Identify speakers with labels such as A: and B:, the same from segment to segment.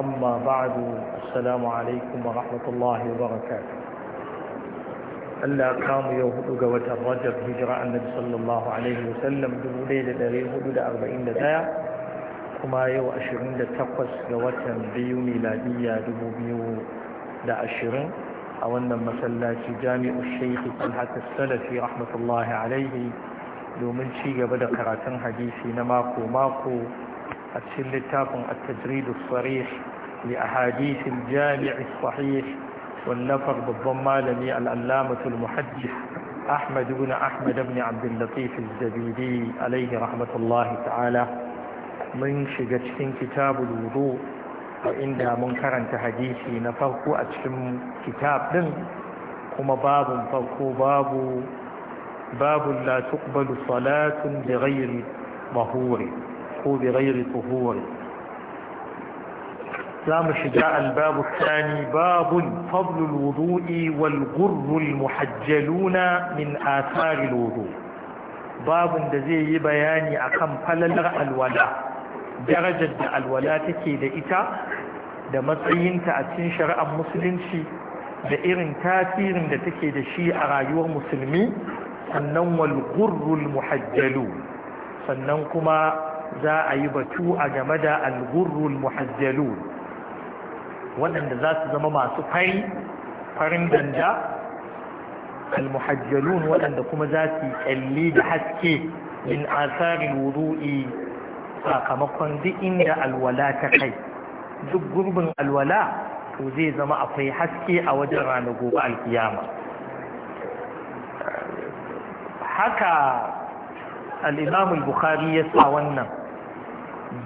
A: أما بعد السلام عليكم ورحمة الله وبركاته ألا قام يهود قوة الرجب هجرة النبي صلى الله عليه وسلم بليلة دليل هدود أربعين دقيقة كما يو أشرين لتقص قوة بيو ميلادية دبو بيو دا أشرين أولا مسلاتي جامع الشيخ طلحة السلفي رحمة الله عليه domin ci gaba da karatun hadisi na mako-mako التجريد الصريح لأحاديث الجامع الصحيح واللفظ بالضمال لي المحدث أحمد بن أحمد بن عبد اللطيف الزبيدي عليه رحمة الله تعالى من شجت كتاب الوضوء وإن منكرا تحديثي نفرق أتشم كتاب كما باب فرق باب باب لا تقبل صلاة بغير ظهور فامسحوا بغير طهور سام شجاع الباب الثاني باب فضل الوضوء والغر المحجلون من آثار الوضوء باب دزي بياني أكم فللغ الولاء درجة الولاء تكي دئتا da matsayinta a cikin shari'ar musulunci da irin tasirin da take da shi a rayuwar musulmi sannan walgurrul muhajjalu sannan kuma za a yi batu a game da algurrul muhajjalun waɗanda za su zama masu fari farin danda almuhajjalun waɗanda kuma za su kyalli da haske min asarin wudu'i sakamakon duk inda alwala ta kai duk gurbin alwala to zai zama akwai haske a wajen ranar gobe alkiyama haka imamul bukhari ya sa wannan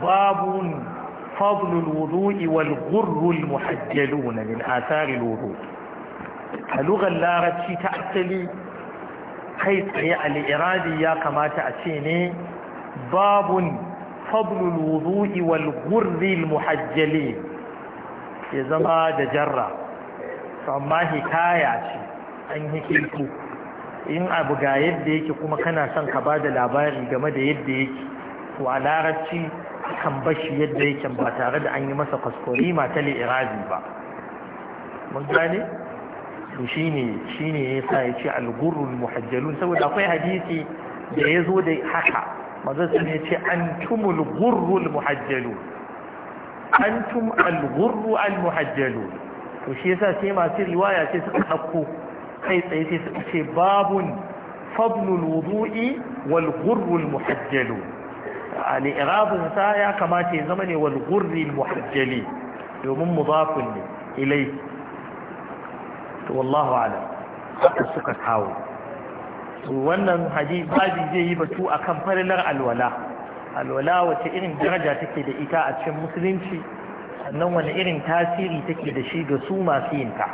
A: باب فضل الوضوء والغر المحجلون من آثار الوضوء اللغة اللارتشي تأتلي حيث هي الإرادة يا كما تأتيني باب فضل الوضوء والغر المحجلين يزما دجرة فما هكاية أن هكيكو in abu ga yadda yake kuma kana son ka ba da labari game da yadda yake to a larabci Kan bashi yadda yake ba tare da an yi masa kwaskwari ta li'irazi ba mun gane to shine shine yasa yace al-ghurrul muhajjalun saboda akwai hadisi da ya zo da haka manzon sun yace antumul ghurrul muhajjalun antum al-ghurru al-muhajjalun to shi yasa sai masu riwaya sai suka dauko kai tsaye sai suka ce babun fadlul wudu'i wal ghurrul muhajjalun al'irabin sa ya kamata ya zama ne wal gurri muhajjali domin mudafin ne ilai to wallahu alam haka suka kawo to wannan hadisi babi zai yi batu akan farilar alwala alwala wace irin daraja take da ita a cikin musulunci sannan wani irin tasiri take da shi ga su masu yinta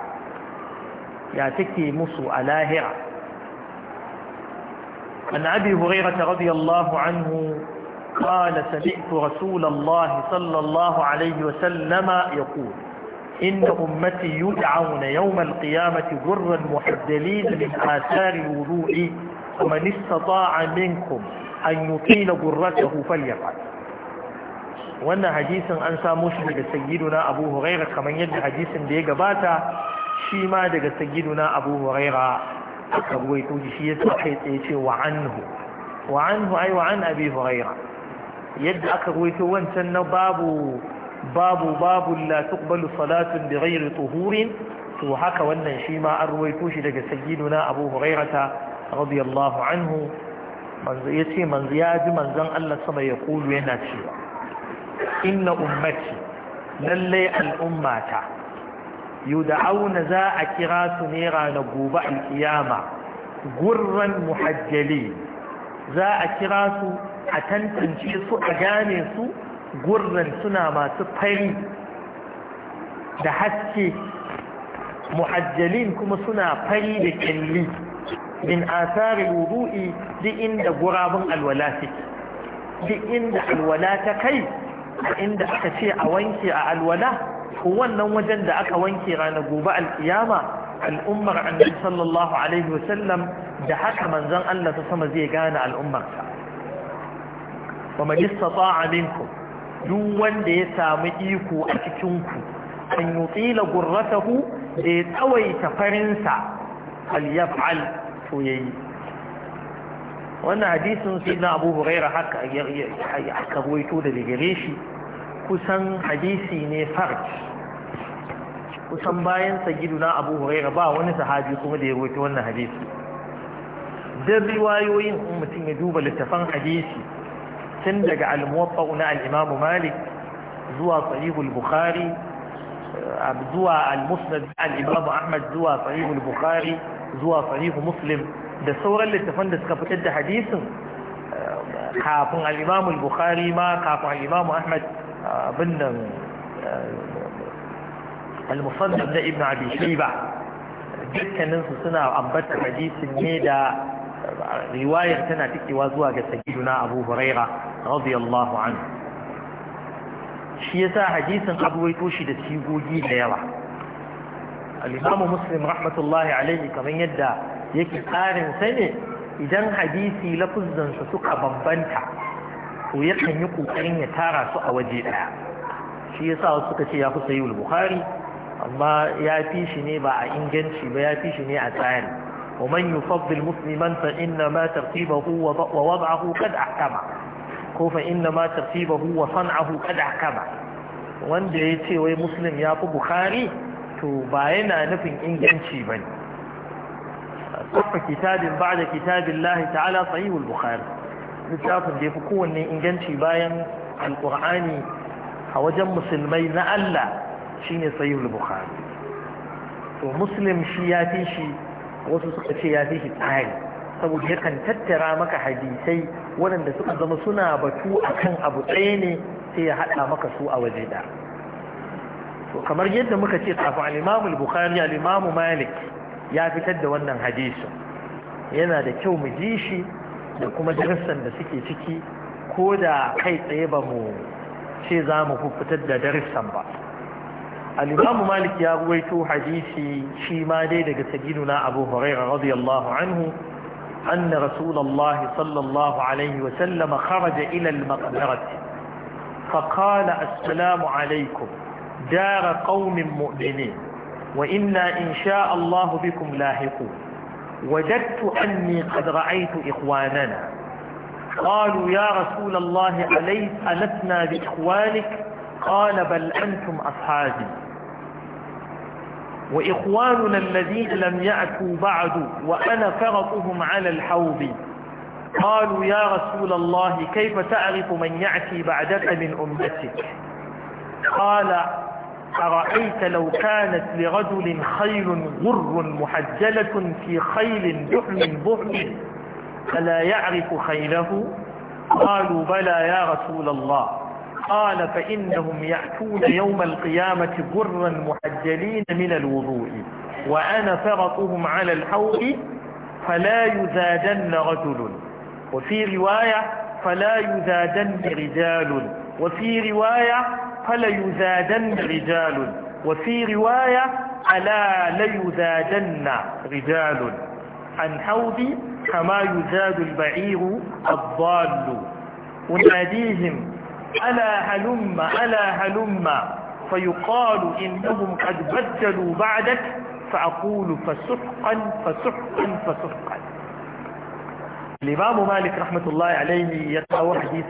A: ya take musu a lahira عن أبي هريرة رضي الله قال سمعت رسول الله صلى الله عليه وسلم يقول إن أمتي يدعون يوم القيامة غرا محدلين من آثار الوضوء ومن استطاع منكم أن يطيل غرته فليفعل wannan hadisin an samo shi daga sayyiduna abu huraira kamar yadda hadisin da ya gabata shi ma daga sayyiduna abu huraira aka ruwaito shi yasa kai tsaye yadda aka ruwaito wancan na babu babu babu la tuqbalu salatun bi ghairi tuhurin to haka wannan shi ma an ruwaito shi daga sayyiduna Abu Hurairata radiyallahu anhu manzo yace manzo ya ji manzon Allah sama ya kulu yana cewa inna ummati lalle al'ummata yud'auna za a kira su ne ranar gobe alkiyama gurran muhajjali za a kira su a tantance su a gane su gurran suna masu fari da haske muhajjalin kuma suna fari da kyalli min asari wudu'i duk inda gurabun alwala suke duk inda alwala ta kai a inda aka ce a wanke a alwala ko wannan wajen da aka wanke ranar gobe alkiyama al'ummar annabi sallallahu alaihi wasallam da haka manzon Allah ta sama zai gane al'ummarsa wa man istata'a minkum duk wanda ya samu iko a cikin ku an yutila gurratahu da ya tsawaita farinsa falyaf'al to yayi wannan hadisin sai na Abu Hurairah haka a ruwaito da gare shi kusan hadisi ne farj kusan bayan na Abu Hurairah ba wani sahabi kuma da ya ruwaito wannan hadisi dan riwayoyin in mutum ya duba littafan hadisi tun daga al-muwaffaq na al malik zuwa sahih al-bukhari eh, zuwa al-musnad al-imam ahmad zuwa sahih al-bukhari zuwa sahih muslim da sauran littafan da suka fitar da hadisin eh, kafin al-imam bukhari ma kafin al-imam ahmad eh, bin al-musannad da ibn abi shayba dukkaninsu suna ambata hadisin ne da riwayar tana tikewa zuwa ga sayyiduna abu huraira radiyallahu anhu shi yasa hadisin abuwaito shi da sigogi da yawa al-imamu muslim rahmatullahi alayhi kamar yadda yake tsarin sa idan hadisi lafuzan su suka bambanta to yakan yi kokarin ya tara su a waje daya shi yasa wasu suka ce ya fi sayyid bukhari amma ya fi shi ne ba a inganci ba ya fi shi ne a tsari ومن يفضل مسلما فإنما ترتيبه ووضعه قد أحكمه ko fa inna ma tartibahu wanda ya ce wai muslim ya fi bukhari to ba yana nufin inganci ba ne kafa kitabin ba da kitabin lahi ta'ala sahihul bukhari littafin da ya fi kowanne inganci bayan alƙur'ani a wajen musulmai na allah shine sahihul bukhari to muslim shi ya fi shi wasu suka ce ya fi shi tsari saboda yakan tattara maka hadisai waɗanda suka zama suna batu a kan abu tsaye ne sai ya haɗa maka su a waje da to kamar yadda muka ce kafin al'imamu bukhari al'imamu malik ya fitar da wannan hadisu yana da kyau mu ji shi da kuma darussan da suke ciki ko da kai tsaye ba mu ce za mu fitar da darussan ba الإمام مالك يا ya حديثي hadisi ما ma dai أبو هريرة رضي الله عنه أن رسول الله صلى الله عليه وسلم خرج إلى المقبرة فقال السلام عليكم دار قوم مؤمنين وإنا إن شاء الله بكم لاحقون وجدت أني قد رأيت إخواننا قالوا يا رسول الله أليس ألسنا بإخوانك قال بل أنتم أصحابي وإخواننا الذين لم يأتوا بعد وأنا فرطهم على الحوض قالوا يا رسول الله كيف تعرف من يأتي بعدك من أمتك قال أرأيت لو كانت لرجل خيل غر محجلة في خيل دحم بحل فلا يعرف خيله قالوا بلى يا رسول الله قال فإنهم يأتون يوم القيامة برا محجلين من الوضوء وأنا فرطهم على الحوض فلا يزادن رجل وفي رواية فلا يزادن رجال وفي رواية فليزادن رجال وفي رواية ألا ليزادن رجال عن حوضي كما يزاد البعير الضال أناديهم ألا هلم ألا هلم فيقال إنهم قد بدلوا بعدك فأقول فسحقا فسحقا فسحقا الإمام مالك رحمة الله عليه يتعوى حديث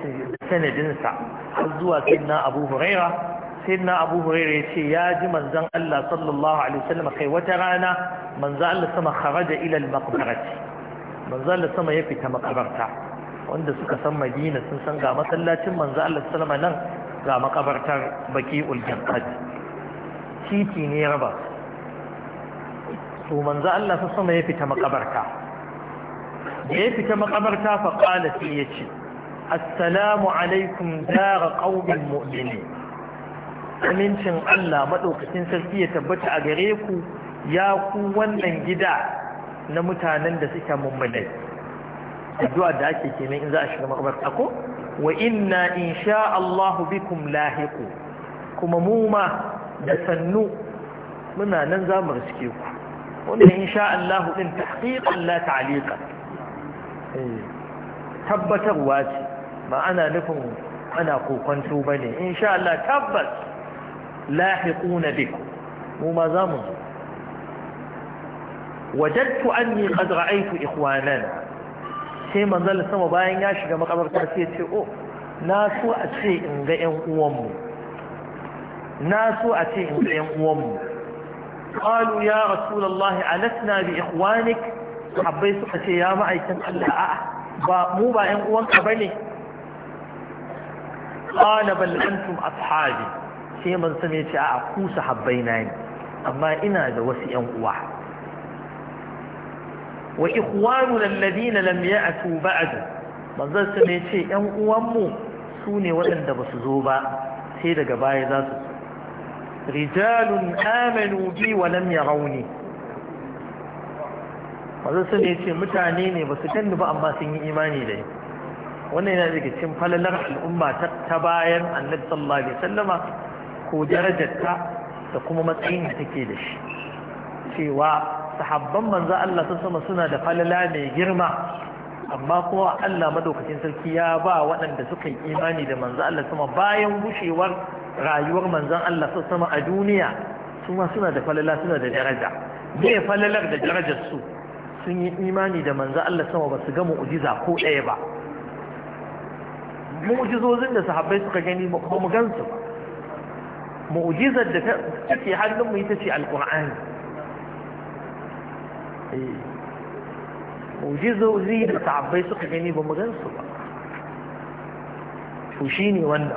A: سنة جنسة حزوى سيدنا أبو هريرة سيدنا أبو هريرة ياجي من زن الله صلى الله عليه وسلم خي وترانا من زن الله سما خرج إلى المقبرة من زن الله سما يفتح مقبرته wanda suka san madina sun san ga masallacin manzo Allah sallama nan ga makabartar baki uljanqad titi ne raba to manzo Allah sallama ya fita makabarta da ya fita makabarta fa qala yace assalamu alaikum dar qaumin mu'minin amincin Allah madaukakin sarki ya tabbata a gare ku ya ku wannan gida na mutanen da suke mummunai addu'a da ake kenan in za a shiga makabarta ko wa inna insha Allahu bikum lahiqu kuma mu ma da sannu muna nan za mu riske ku wanda insha Allahu din tahqiqan la ta'liqa eh, tabbatarwa ce ba ana nufin ana kokonto bane insha Allah tabbas lahiquna bikum mu ma za mu zo wajadtu anni qad ra'aytu ikhwanana sai manzal sama bayan ya shiga makabarta sai ce o oh, na so a ce in ga ƴan uwanmu na so a ce in ga ƴan uwanmu qalu ya rasulullahi alasna bi ikhwanik abai suka ce ya ma'aikin Allah a ba mu ba ƴan uwanka bane qala bal antum ashabi sai manzal ya ce a ku sahabbai na ne amma ina da wasu ƴan uwa wa ikhwanuna alladhina lam ya'tu ba'd manzon sa ne ce ƴan uwanmu sune waɗanda ba su zo ba sai daga baya za su rijalun amanu bi wa lam yarawni manzon sa ne ce mutane ne ba su ganni ba amma sun yi imani da ni wannan yana daga cikin falalar al'umma ta bayan annabi sallallahu alaihi wasallama ko darajarta da kuma matsayin da take da shi cewa sahabban manzo Allah sun sama suna da falala mai girma amma kuma Allah madaukakin sarki ya ba waɗanda suka yi imani da manzo Allah sama bayan gushewar rayuwar manzon Allah sun sama a duniya su ma suna da falala suna da daraja me falalar da darajar su sun yi imani da manzo Allah sama ba su ga mu'jiza ko ɗaya ba mu'jizozin da sahabbai suka gani ba mu gansu ba mu'jizar da take hannun mu ita ce alqur'ani Eh, mujizozi da ta'abbai suka gani ba mu gansu ba to shine wannan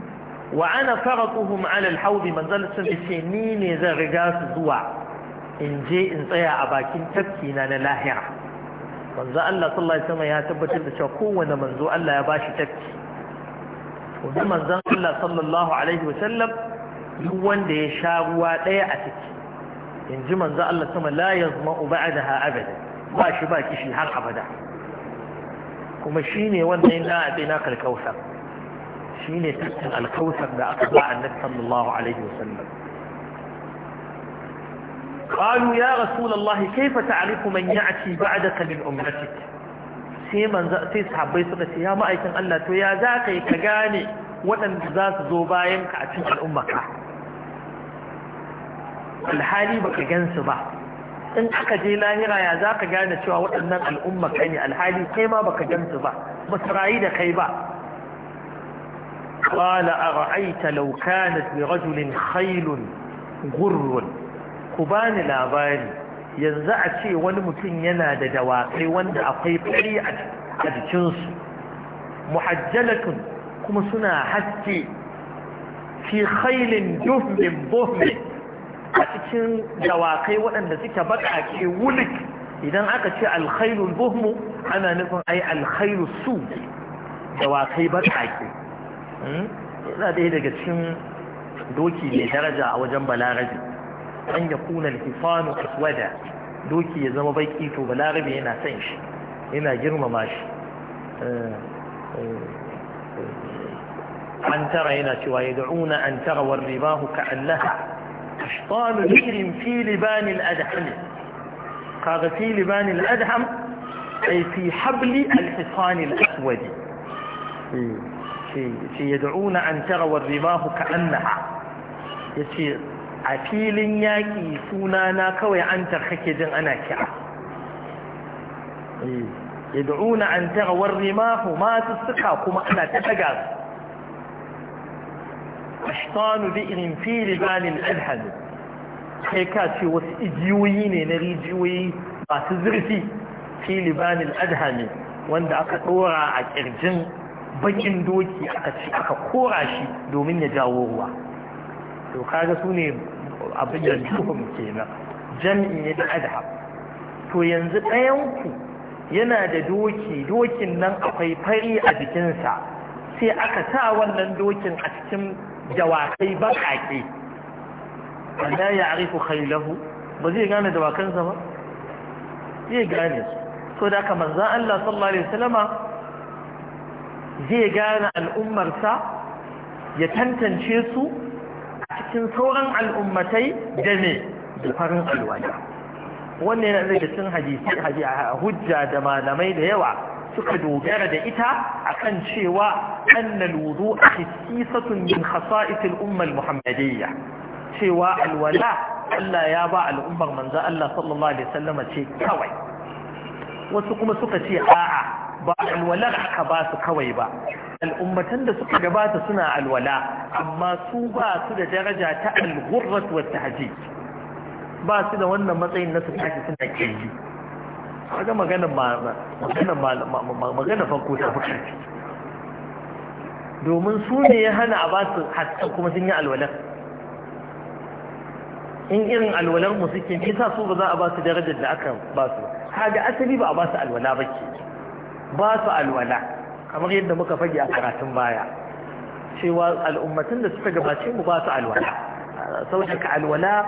A: wa ana faratuhum ala alhawd man zal ce ni ne zan riga su zuwa in je in tsaya a bakin tafki na na lahira manzo Allah sallallahu alaihi wasallam ya tabbatar da cewa kowanne manzo Allah ya bashi tafki to manzon Allah sallallahu alaihi wasallam duk wanda ya sha ruwa daya a ciki in ji manzo Allah sama la yazma'u ba'daha abada ba shi ba kishi har abada kuma shine wannan da a tsina kalkausar shine tattan alkausar da aka ba annabi sallallahu alaihi wasallam قالوا يا رسول الله كيف تعرف من يأتي بعدك من أمتك سيمن زأتي صحابي سقسي يا مأيكن الله تو يا ذاك يكغاني وأن ذات زوباينك أتم الأمة alhali baka gansu ba in aka je lahira ya za ka gane cewa waɗannan al'umma kai ne alhali kai ma baka gansu ba ba su rayu da kai ba قال أرأيت لو كانت لرجل خيل غر كبان لاباري ينزع شيء ولمتن ينادى دواقي واند أقيب لي أجتنس محجلة كما سنا حتي في خيل جهم بهم a cikin dawakai waɗanda suke baƙaƙe wulik idan aka ce alkhairul buhmu ana nufin ai alkhairu su dawakai baƙaƙe hmm? yana ɗaya daga cikin doki mai daraja a wajen balarabe an ya kuna alhifanu aswada doki ya zama baƙi to balarabe yana san shi yana girmama shi eh, eh, eh, an tara yana cewa ya da'una an tara war ribahu ka'allaha قال نجر في لبان الأدحم قال في لبان الأدحم أي في حبل الحصان الأسود في, إيه، يدعون أن تروا الرماه كأنها يسير a ياكي yaƙi sunana kawai an tarkake jin ana kira yad'una an tarawar rimahu masu suka kuma ashtan bi'rin fi libalin alhad kai ka ce wasu igiyoyi ne na rijiyoyi masu zurfi fi libalin adhami wanda aka ɗora a kirjin bakin doki aka kora shi domin ya jawo ruwa to kaga su ne abin da duhum kenan jam'i ne da adham to yanzu ɗayan yana da doki dokin nan akwai fari a jikinsa sai aka sa wannan dokin a cikin dawakai baƙaƙe wanda ya arifu khailahu ba zai gane dawakansa ba zai gane su so da aka manzan Allah sallallahu Alaihi wasallama zai gane al'ummarsa ya tantance su a cikin sauran al'ummatai da ne da farin alwala wannan yana daga cikin hadisi a hujja da malamai da yawa suka dogara da ita akan cewa annal wudu khissatun min khasa'isil ummah muhammadiyya cewa alwala Allah ya ba al'ummar manzo Allah sallallahu alaihi wasallam ce kawai wasu kuma suka ce a'a ba alwalar haka ba su kawai ba al'ummatan da suka gabata suna alwala amma su ba su da daraja ta al-ghurrat wa ba su da wannan matsayin na su tashi suna kirji kaga magana fa farko ta fuka domin su ne ya hana a basu hatta kuma sun yi alwalar in irin alwalar mu suke ne sa su ba za a basu darajar da aka ba kaga asali ba a basu su alwala ba ke ba su alwala kamar yadda muka fage a karatun baya cewa al'ummatin da suka gabace mu ba su alwala saboda ka alwala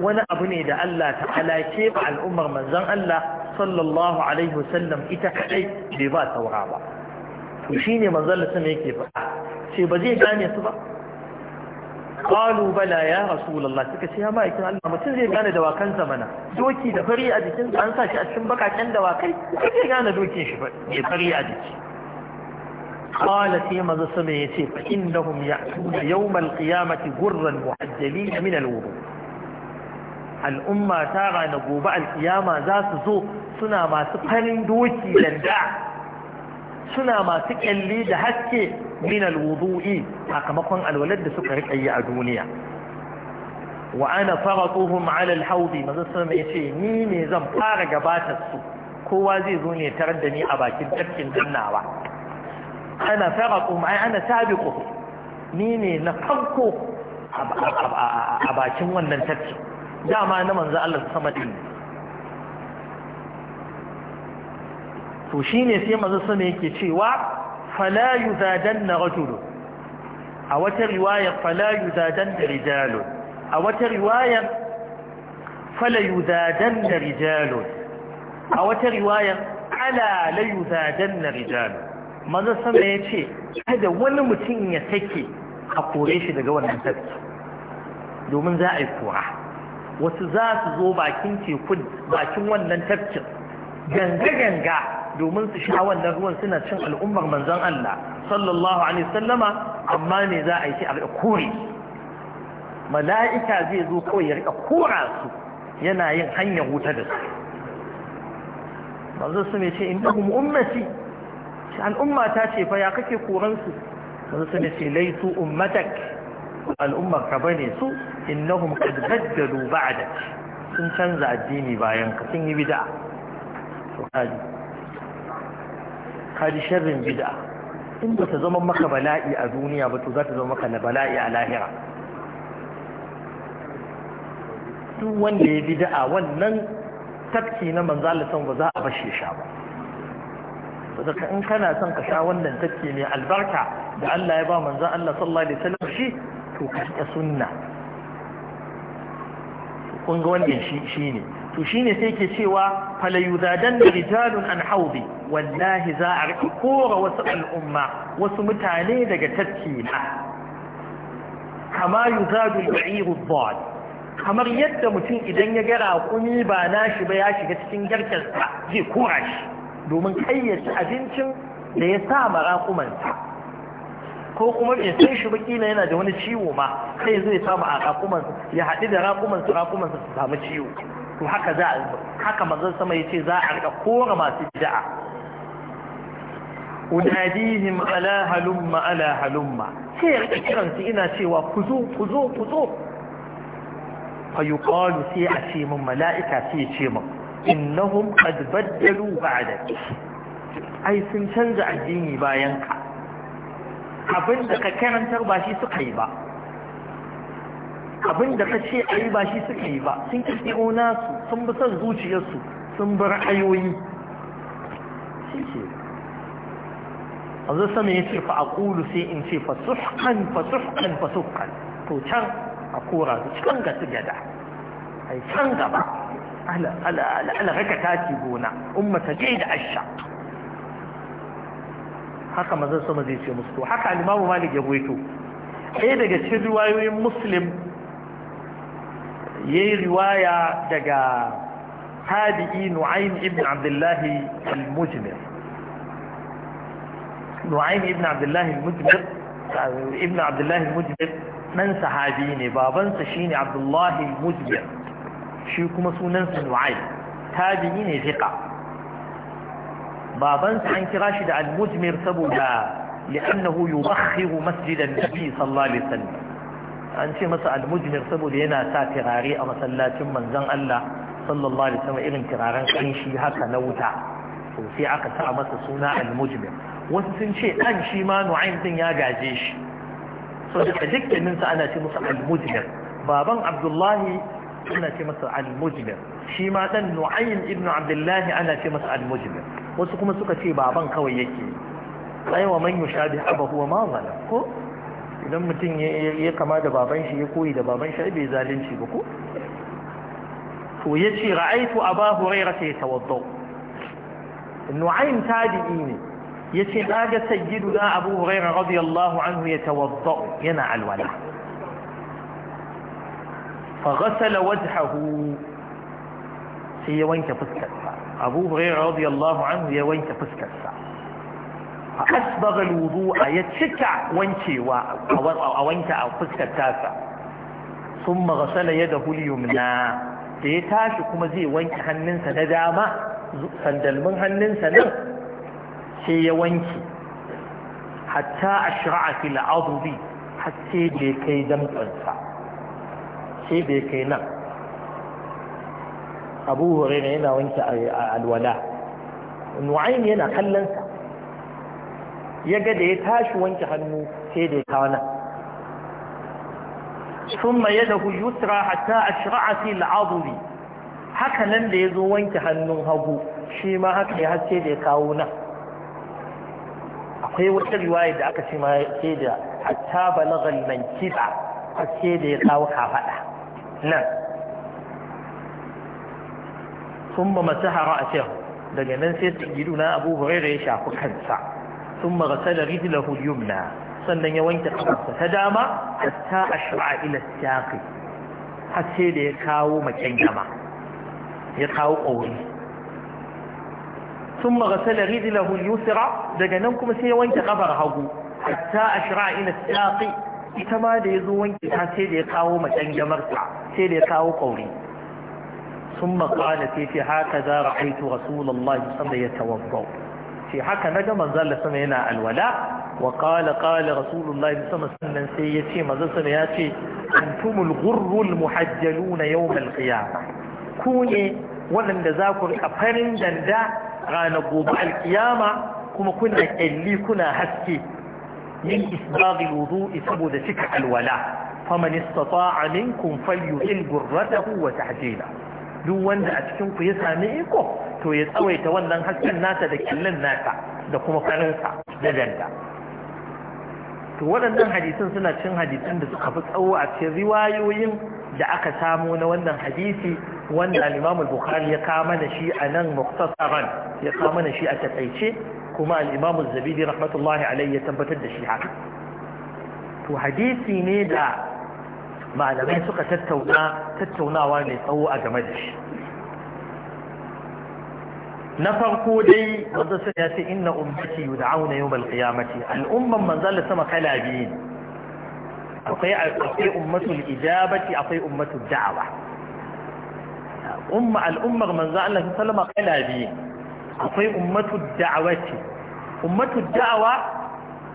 A: wani abu ne da Allah ta'ala ke ba al'ummar manzon Allah sallallahu alaihi wasallam ita kadai bai ba saura ba to shine manzon Allah sama yake faɗa ce ba zai gane su ba qalu bala ya rasulullah suka ce ya ma'aikin Allah mutum zai gane dawakan zamana doki da fari a jikin an sa shi a cikin bakaken dawakai zai gane dokin shi fari a jiki قال سيما زسمي يسير فإنهم يأتون يوم القيامة غرا محجلين من الوضوء الأمة تاغى نقوب القيامة ذات زو سنا ما سقرن دوكي لندع سنا ما سكالي دهك من الوضوء أقمقا الولد سكرك أي أدونيا وأنا فرطهم على الحوض ما زسمي يسير نيني زم فارق بات السوء kowa zai zo ne tarar da ni a bakin tafkin dannawa ana faraqum ai ana sabiqu ni ne na farko a bakin wannan tafki dama na manzo Allah sama din to shi ne sai manzo sama yake cewa fala na rajulun a wata riwayar fala yuzadanna rijalun a wata riwayar fala yuzadanna rijalun a wata riwayar ala la na rijalun Mazan sama ya ce kada wani mutum ya take a kore shi daga wannan tafki domin za a yi kora wasu za su zo bakin tekun bakin wannan tafkin ganga-ganga domin su sha wannan ruwan suna cin al'ummar manzan Allah sallallahu alaihi sallama amma ne za a yi ce a kore mala'ika zai zo kawai ya riƙa kora su yana yin hanyar wuta da su mazan sama ya ce in ummati ce al'umma ta ce fa ya kake koransu sun su ne ce laitu ummatak al'ummar ka bane su innahum qad baddalu ba'dak sun canza addini bayan ka sun yi bid'a to kaji kaji sharrin bid'a in ba ta zama maka bala'i a duniya ba to za ta zama maka bala'i a lahira duk wanda ya bid'a wannan tafki na manzo Allah san ba za a bashe shi ba saka in kana son ka sha wannan tafki mai albarka da Allah ya ba manzon Allah sallallahu alaihi wasallam shi to ka shiga sunna kun ga wannan shi shine to shine sai ke cewa fala yuzadan rijalun an haudi wallahi za a rika kora wasu al'umma wasu mutane daga tafki na kama yuzadu al-ba'iru kamar yadda mutum idan ya ga raƙumi ba nashi ba ya shiga cikin garkarsa zai kora shi domin kayyace abincin da ya sa maraƙumansa ko kuma bai san shi yana da wani ciwo ma sai zai samu a raƙumansa ya haɗu da raƙumansa raƙumansa su samu ciwo to haka za a haka manzon sama yace za a rika kora masu bid'a unadihim ala halumma ala halumma sai ya kiransu ina cewa ku zo ku zo ku zo fa yuqalu sai a ce min mala'ika sai ce min innahum qad baddalu ba'dak ai sun canza addini bayan ka abin da ka karantar ba shi suka yi ba abin da ka ce a yi ba shi suka yi ba sun kirkiro nasu sun bi son zuciyarsu sun bi ra'ayoyi shi ce wanzu sama ya ce fa'akulu sai in ce fasuhkan fasuhkan fasuhkan to can a kora su can ga su gada ai can gaba ala raka taci gona ummata je da asha haka mazan sama zai ce musu to haka alimamu malik ya gwaito ɗaya daga cikin riwayoyin muslim ya yi riwaya daga habi'i nu'aym ibn abdullahi al-mujmir nu'aym ibn abdullahi al-mujmir ibn abdullahi al-mujmir sahabi ne babansa shine abdullahi al-mujmir shi kuma sunansa nu'aym tabi'i ne fiqa babansa an kira shi da al-mujmir saboda لأنه يبخر مسجد النبي صلى الله عليه an ce masa almujmir saboda yana sa tirare a masallacin manzon Allah sallallahu alaihi wasallam irin tiraren shi haka na wuta to sai aka sa masa suna almujmir wasu sun ce dan shi ma nu'aym din ya gaje shi so da dukkanin sa ana ce masa almujmir baban Abdullahi ana ce masa al-mujmir shi ma dan nu'ayn ibn abdullahi ana ce masa al-mujmir wasu kuma suka ce baban kawai yake sai wa man yushabi abahu wa ma zala ko idan mutum ya kama da baban shi ya koyi da baban shi bai zalunci ba ko to yace ra'aytu aba hurayra yatawadda nu'ayn tabi'i ne yace daga sayyiduna abu hurayra radiyallahu anhu yatawadda yana alwala fa ghasala wajhahu sai ya wanke fuskarsa abu hurairah radiyallahu anhu ya wanke fuskarsa asbagha alwudu'a ya cika wankewa a wanke a fuskar tasa thumma ghasala yadahu al-yumna da ya tashi kuma zai wanke hannunsa na dama sandalmin hannunsa nan sai ya wanke hatta ashra'a a adbi har sai da kai damtsansa sai da ya kai nan abu huraira yana wanke alwala nu'aym yana kallon sa ya ga da ya tashi wanke hannu sai da ya kawo nan ثم يده يسرى حتى أشرع في العضل haka nan da ya zo wanke hannun hagu shi ma haka ya haske da ya kawo nan akwai wata riwaya da aka ce ma sai da hatta balagal mankiba haske da ya kawo kafaɗa nan sun ba masu hara a cewa daga nan sai tsingidu na abu hurairu ya shafi kansa sun ma rasa da rijilahu na sannan ya wanke kafarsa ta dama hatta a shura ila siyaƙi har sai da ya kawo macen gama ya kawo ƙauri ثم غسل رجله daga nan kuma sai ya wanke kafar hagu hatta ashra ila saqi ita ma da ya zo wanke ta sai da ya kawo macan jamarta sai da ya kawo ƙauri sun maƙala sai ce haka za a haitu rasulallah sama ya tawabbau ce haka na ga manzala sama yana alwala wa ƙala ƙala rasulallah sama sannan sai ya ce mazan sama ya ce antumul gurrul muhajjaluna yau qiyamah ku ne waɗanda za ku riƙa farin danda ranar gobe alƙiyama kuma kuna ƙyalli kuna haske min isbaghil wudu'i saboda cika alwala faman istata'a minkum falyuhil gurratahu wa tahjila duk wanda a cikin ku ya sami iko to ya tsawaita wannan hasken nata da kyallin nata da kuma karinsa, da danta to waɗannan hadisin suna cin hadisin da suka fi tsawo a cikin riwayoyin da aka samu na wannan hadisi wanda al-Imam al-Bukhari ya kama da shi a nan muktasaran ya kama da shi a takaice kuma al-Imam az-Zabidi rahmatullahi alayhi ya tabbatar da shi haka to hadisi ne da malamai suka tattauna tattaunawa mai tsawo a game da shi na farko dai suna sun ya ce inna ummati yud'auna yawmal qiyamati al'umman manzo Allah sama kala biyu akwai akwai ummatul ijabati akwai ummatul da'awa umma al'ummar manzo Allah sallama kala biyu akwai ummatul da'awati ummatul da'awa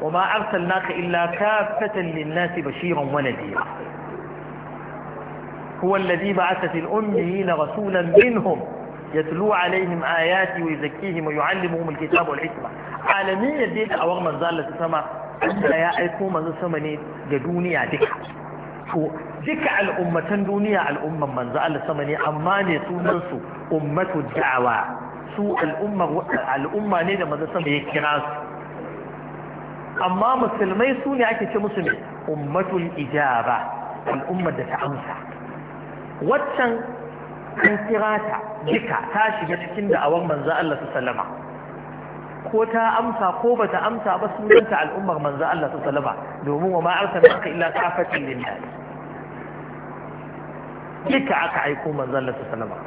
A: وما أرسلناك إلا كافة للناس بشيرا ونذيرا هو الذي بعث في الأميين رسولا منهم يتلو عليهم آياتي ويزكيهم ويعلمهم الكتاب والحكمة عالمية دين أوغم الزالة سما ألا يأيكو من سمني دنيا دكا دكا الأمة دنيا الأمة من زالة سمني أماني سونسو أمة الدعوة سوء الأمة الأمة نيدا من سمي يكراس أما مسلمي سوني أكي تمسلمي أمة الإجابة الأمة دتعمسة waccan an kira ta duka ta shiga cikin da'awar manzo Allah sallama ko ta amsa ko bata amsa ba sunanta al'ummar manzo Allah sallama domin wa ma arsalnaka illa kafatan lin nas duka aka aiko manzo Allah sallama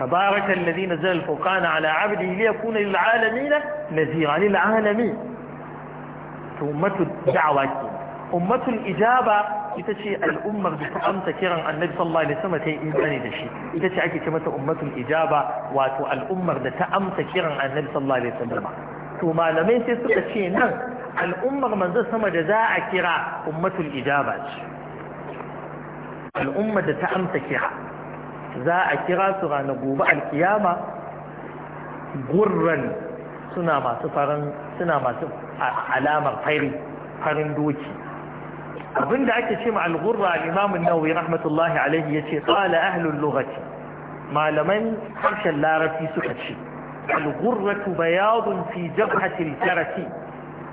A: تبارك الذي نزل الفرقان على عبده ليكون للعالمين نذيرا للعالمين أمة الدعوة أمة الإجابة ita ce al'ummar da ta amsa kiran annabi sallallahu alaihi wasallam ta yi imani da shi ita ce ake ce mata ummatul ijaba wato al'ummar da ta amsa kiran annabi sallallahu alaihi wasallam to malamai sai suka ce nan al'ummar manzo sama da za a kira ummatul ijaba ce al'ummar da ta amsa kira za a kira su ranar gobe alkiyama gurran suna masu farin suna masu alamar fari farin doki abinda ake ce ma al-ghurra al-imam nawawi rahmatullahi alayhi yace qala ahlul lughati malaman harshen larabci suka ce al-ghurratu bayadun fi jabhati al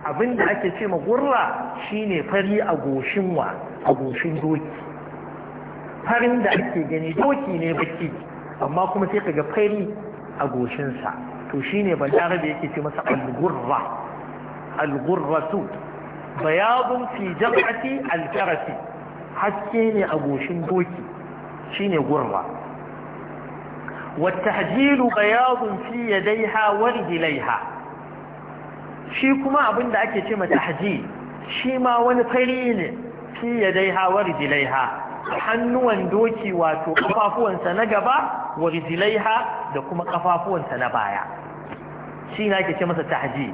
A: abinda ake ce ma gurra shine fari a goshin wa a goshin doki farin da ake gani doki ne baki amma kuma sai kaga fari a goshinsa to shine balarabe yake ce masa al-ghurra al-ghurratu bayadun fi jam'ati alfarasi haske ne a goshin doki shine gurma والتهجيل بياض في يديها ورجليها shi kuma abin da ake ce matahji shi ma wani fari ne fi yadaiha wa rijlaiha hannuwan doki wato kafafuwansa na gaba wa rijlaiha da kuma kafafuwansa na baya shi ne ake ce masa tahji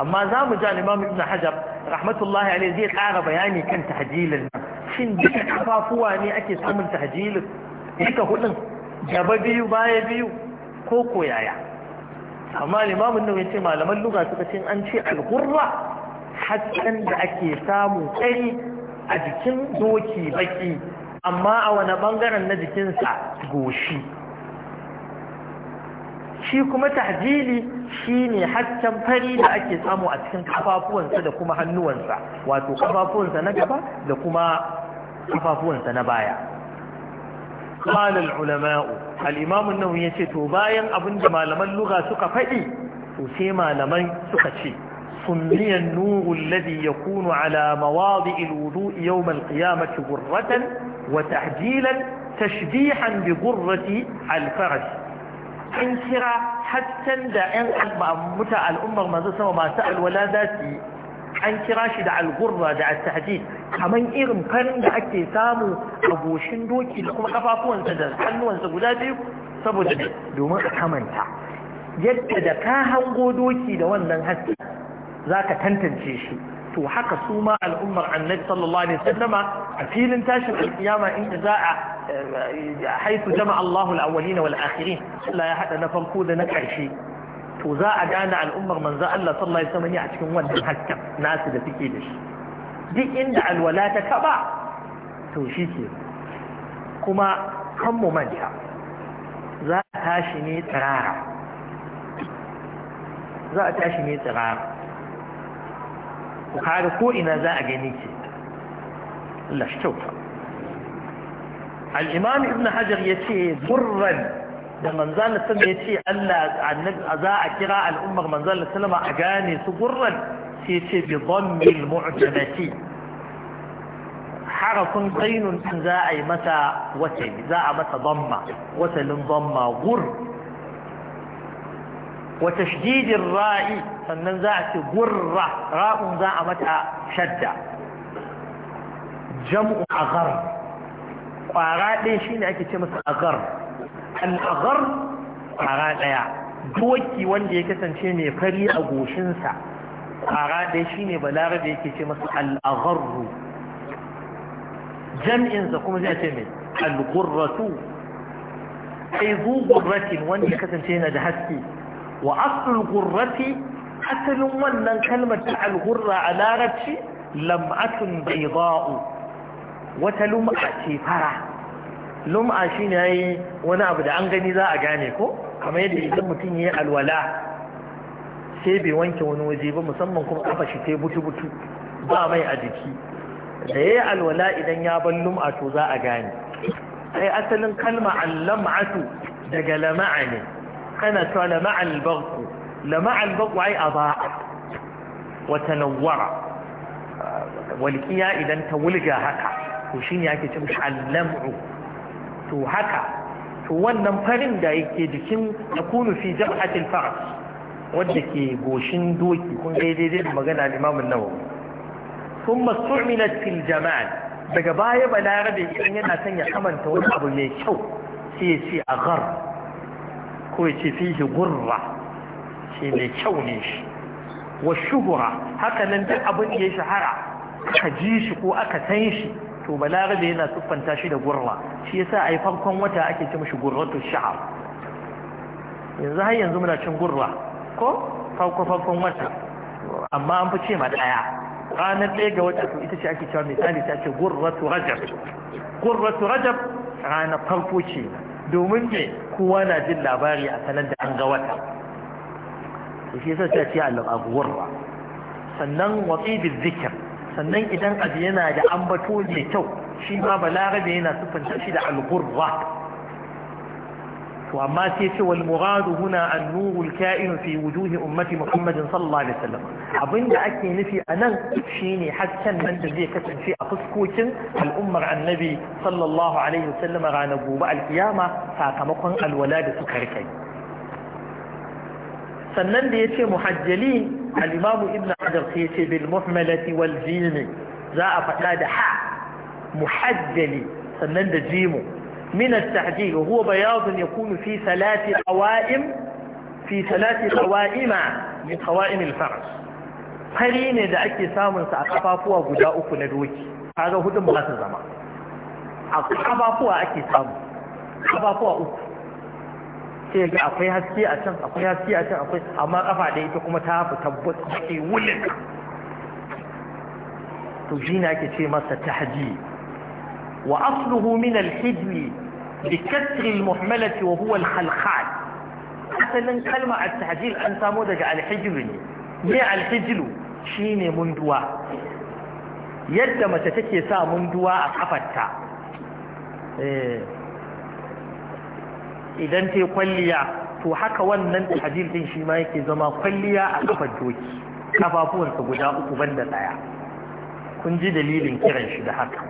A: amma za mu ji al'imamu ibn hajar rahmatullahi alaihi zai ƙara bayani kan tahjilin nan shin duka kafafuwa ne ake samun tahjilin duka hudun gaba biyu baya biyu ko ko yaya. amma limamin nan ya ce malaman luga suka ce an ce alhurra hasken da ake samu kai a jikin doki baki amma a wani bangaren na jikinsa goshi shi kuma tahjili shine haccan fari da ake samu a cikin kafafuwansa da kuma hannuwansa wato kafafuwansa na gaba da kuma kafafuwansa na baya qala al-ulama'u al-imamu ya ce to bayan abinda malaman lugha suka faɗi, to sai malaman suka ce sunniya nuru alladhi yakunu ala mawadi'il wudu' yawm al-qiyamati ghurratan wa tahdilan tashbihan bi ghurrati al an kira hasken da ‘yan muta al'ummar manzo sama masu alwala za su yi an kira shi da algurra da al kamar irin farin da ake samu a goshin doki da kuma kafafuwansa da hannuwansa guda biyu saboda domin a kamanta yadda da ka hango doki da wannan haske za ka tantance shi to haka su ma al'ummar annabi sallallahu alaihi wasallama a filin tashin alkiyama in za a eh, haifu jama Allahu al-awwalin wal akhirin Allah ya hada na farko da na karshe to za a gane al'ummar manzo Allah sallallahu alaihi wasallam a cikin wannan hakka nasu da suke da shi duk inda alwala ta kaba to shi ke kuma kan mu manta za a tashi ne tsirara za a tashi ne tsirara وكعارف كو إنا ذا أجنيتي لا شتوفا الإمام ابن حجر يتي ضرا من زال السلم يتي ألا عن أزاء كراء الأمة منزال زال السلم أجاني سبرا سيتي بضم المعجمة حرف قين من زاء متى وتن زاء متى ضم وتن ضم غر وتشديد الرائي sannan za a ce gurra ra'un za a mata shadda jam'u agar ƙwara ɗaya shine ake ce masa agar al'agar ƙwara ɗaya doki wanda ya kasance mai fari a goshinsa ƙwara ɗaya shine balarabe yake ce masa al'agarru jam'insa kuma zai ce mai al'gurratu. gurratu ai zu gurratin wanda ya kasance yana da haske wa asul gurrati asalin wannan kalmar ta alhurra a larabci lam'atun bai ba'u wata lum'a ce fara lum'a shi ne yayi wani abu da an gani za a gane ko kamar yadda idan mutum ya yi alwala sai bai wanke wani waje ba musamman kuma kafa shi ta butu-butu ba mai a jiki da ya yi alwala idan ya ban lum'a to za a gane sai asalin kalma allam'atu daga lama'a ne kana cewa lama'a albarku a البضع Wata nawara. walƙiya idan ta wulga haka to shi ne ake cin allam'u to haka to wannan farin da yake jikin ya kunu fi Jam'atin faras wadda ke goshin doki kun daidai da magana limamin nawawi sun masu'minat fil jama'al daga baya ba balarabe idan yana son ya kamanta wani abu mai kyau sai ya ce a gar ko ya ce fihi gurra ce mai kyau ne shi wa shuhura haka nan duk abin da ya shahara aka ji shi ko aka san shi to balarabe yana siffanta shi da gurra shi yasa a yi farkon wata ake ce mashi gurratu sha'ar yanzu har yanzu muna cin gurra ko farko farkon wata amma an fi ce ma daya ranar ɗaya ga wata ita ce ake cewa misali ta ce gurratu rajab gurratu rajab ranar farko ce domin ne kowa na jin labari a sanar da an ga wata to shi yasa ta ce a ghurra sannan watibi zikr sannan idan abu yana da ambato mai kyau shi ma balarabe yana sufanta shi da al-ghurra to amma sai ce wal muradu huna an-nuru al-ka'in fi wujuhi ummati muhammadin sallallahu alaihi wasallam abinda ake nufi anan shine hasken nan da zai kasance a fuskokin al'ummar annabi sallallahu alaihi wasallam ranar gobe al-kiyama sakamakon alwala da suka rike sannan da ya ce muhajjali al'imamu ibn hajar sai ya ce bil muhmalati wal jimi za a faɗa da ha muhajjali sannan da jimu min at-tahjil huwa bayadun yakunu fi salati qawaim fi salati qawaima min qawaim al-faras fari ne da ake samun sa a kafafuwa guda uku na doki kaga hudun ba su zama a kafafuwa ake samu kafafuwa uku sai ga akwai haske a can akwai haske a can akwai amma kafa da ita kuma ta fi tabbas take wulin to shi na ke ce masa tahji wa asluhu min al-hijli bi kasr al-muhmalati wa huwa al asalin kalma at-tahjil an samo daga al ne ne me al-hijlu shine munduwa yadda mace take sa munduwa a kafarta eh idan ta kwalliya to haka wannan tahajjud din shi ma yake zama kwalliya a kafar doki kafafuwansa guda uku banda daya kun ji dalilin kiran shi da haka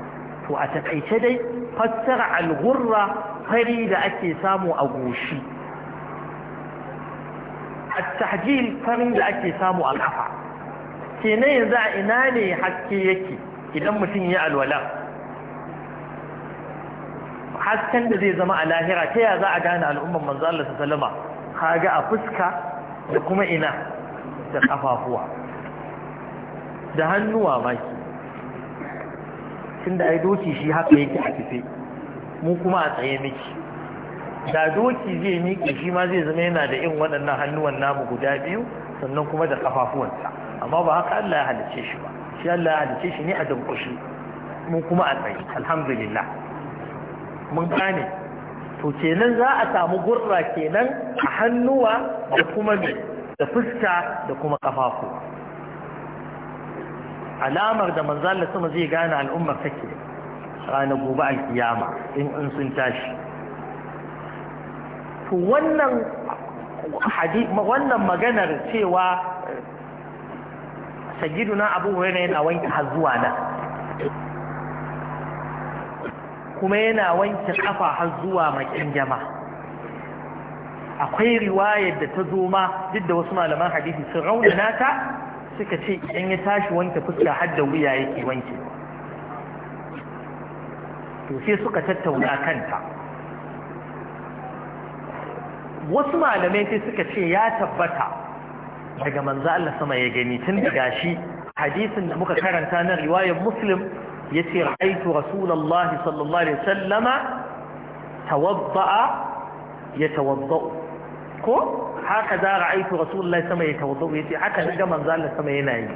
A: to a takaice dai fassara al-ghurra fari da ake samu a goshi tahjil farin da ake samu a kafa kenan yanzu a ina ne haske yake idan mutum ya alwala hasken da zai zama a lahira ta ya za a gane al'ummar manzo Allah salama kaga a fuska da kuma ina da kafafuwa da hannuwa ma ki tunda ai doki shi haka yake a kife mu kuma a tsaye miki da doki zai miki shi ma zai zama yana da irin waɗannan hannuwan namu guda biyu sannan kuma da kafafuwansa amma ba haka Allah ya halicce shi ba shi Allah ya halicce shi ne a dunkushi mu kuma a tsaye alhamdulillah mun gane to kenan za a samu gurra kenan a hannuwa da kuma da fuska da kuma kafafu alamar da manzala sama zai gane al'ummar take ranar gobe alkiyama in in sun tashi to wannan wannan maganar cewa sagiduna abu hurairah yana wanke har zuwa na. kuma yana wanke kafa har zuwa makin jama akwai riwayar da ta zo ma duk da wasu malaman hadisi sun raunana ta suka ce idan ya tashi wanke fuska har da wuya yake wanke to sai suka tattauna kanta wasu malamai sai suka ce ya tabbata daga manzo Allah sama ya gani tun daga shi hadisin da muka karanta na riwayar muslim yace ra'aytu rasulullahi sallallahu alaihi wasallama tawadda'a yatawadda'u ko haka za ra'aytu rasulullahi sama yatawadda'u yace haka daga manzo Allah sama yana yi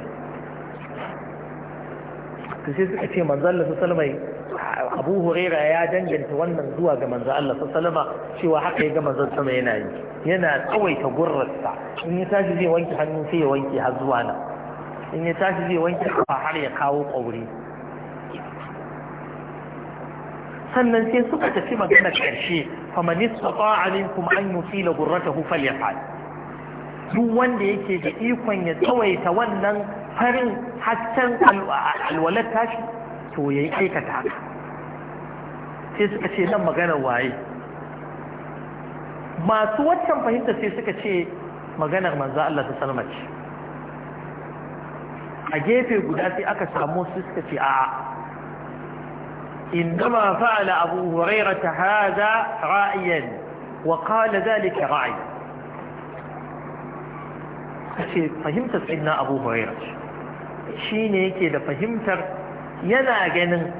A: to ce manzo Allah sallallahu alaihi ya danganta wannan zuwa ga manzo Allah sallallahu alaihi cewa haka ya ga manzo sama yana yi yana tsawaita in ya tashi zai wanke hannu sai ya wanke har in ya tashi zai har ya kawo ƙauri sannan sai suka tafi magana ƙarshe faman ta'alin kuma an yusila gurratahu falyafal duk wanda yake da ikon ya tsawaita wannan farin hasken alwalar tashi to yayi aikata haka sai suka ce nan magana waye masu waccan fahimta sai suka ce maganar manzo Allah ta salma mace. a gefe guda sai aka samu su suka ce a'a إنما فعل أبو هريرة هذا راعيا وقال ذلك راعي فهمت سيدنا أبو هريرة شيني كده فهمت yana ganin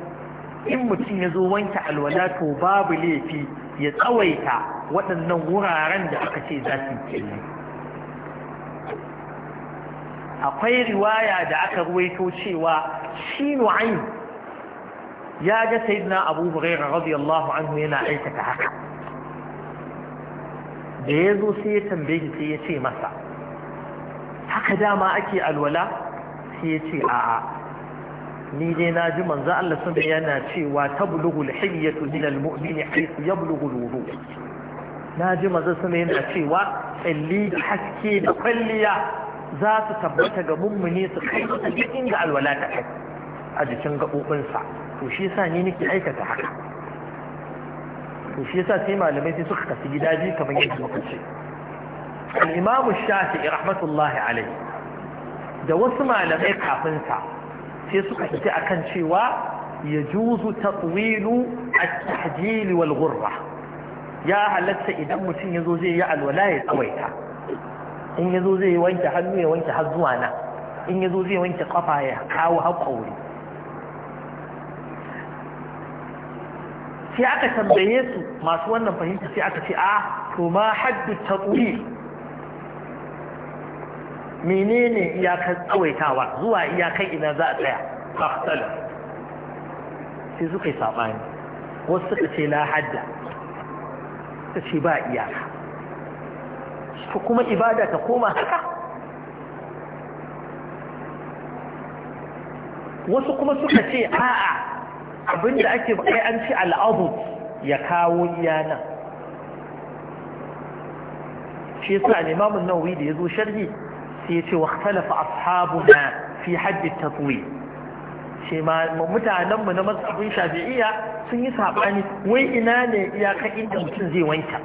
A: in mutum ya zo wanke alwala to babu laifi ya tsawaita waɗannan wuraren da aka ce za su yi akwai riwaya da aka ruwaito cewa shi nu'ayin ya ga sayyidina abu hurairah radiyallahu anhu yana aikata haka da ya zo sai ya tambaye shi sai ya ce masa haka dama ake alwala sai ya ce a'a ni dai na ji manzo Allah sun yana cewa tablughu al-hiyyatu min al-mu'mini haythu yablughu al-wudu na ji manzo sun yana cewa tsalli haske da kwalliya za su tabbata ga mummuni su kai su inda alwala ta kai a jikin gaɓoɓinsa to shi sa ni nake aikata haka to shi sa sai malamai sai suka kasi gida biyu kamar yadda muka ce al-imamu shafi'i rahmatullahi alayhi da wasu malamai kafin sa sai suka fita kan cewa ya juzu tatwilu at-tahjil wal ghurra ya halatta idan mutum yazo zai yi alwala ya tsawaita in yazo zai wanke hannu ya wanke har na in yazo zai wanke kafa ya kawo har sai aka tambaye su masu wannan fahimta sai aka ce a to ma haddu taqwi menene iyakar tsawaitawa zuwa iyakar idan za a tsaya fahtala sai suka yi sabani wasu suka ce la hadda suka ce ba iyaka suka kuma ibada ta koma haka wasu kuma suka ce a'a abinda ake kai an ci al'adu ya kawo iyana shi yasa al-Imam nawawi da yazo sharhi sai yace wa ikhtalafa ashabuna fi hadd at-tatwi shi ma mutanen mu na mazhabin Shafi'iyya sun yi saɓani wai ina ne iyaka inda mutum zai wanta?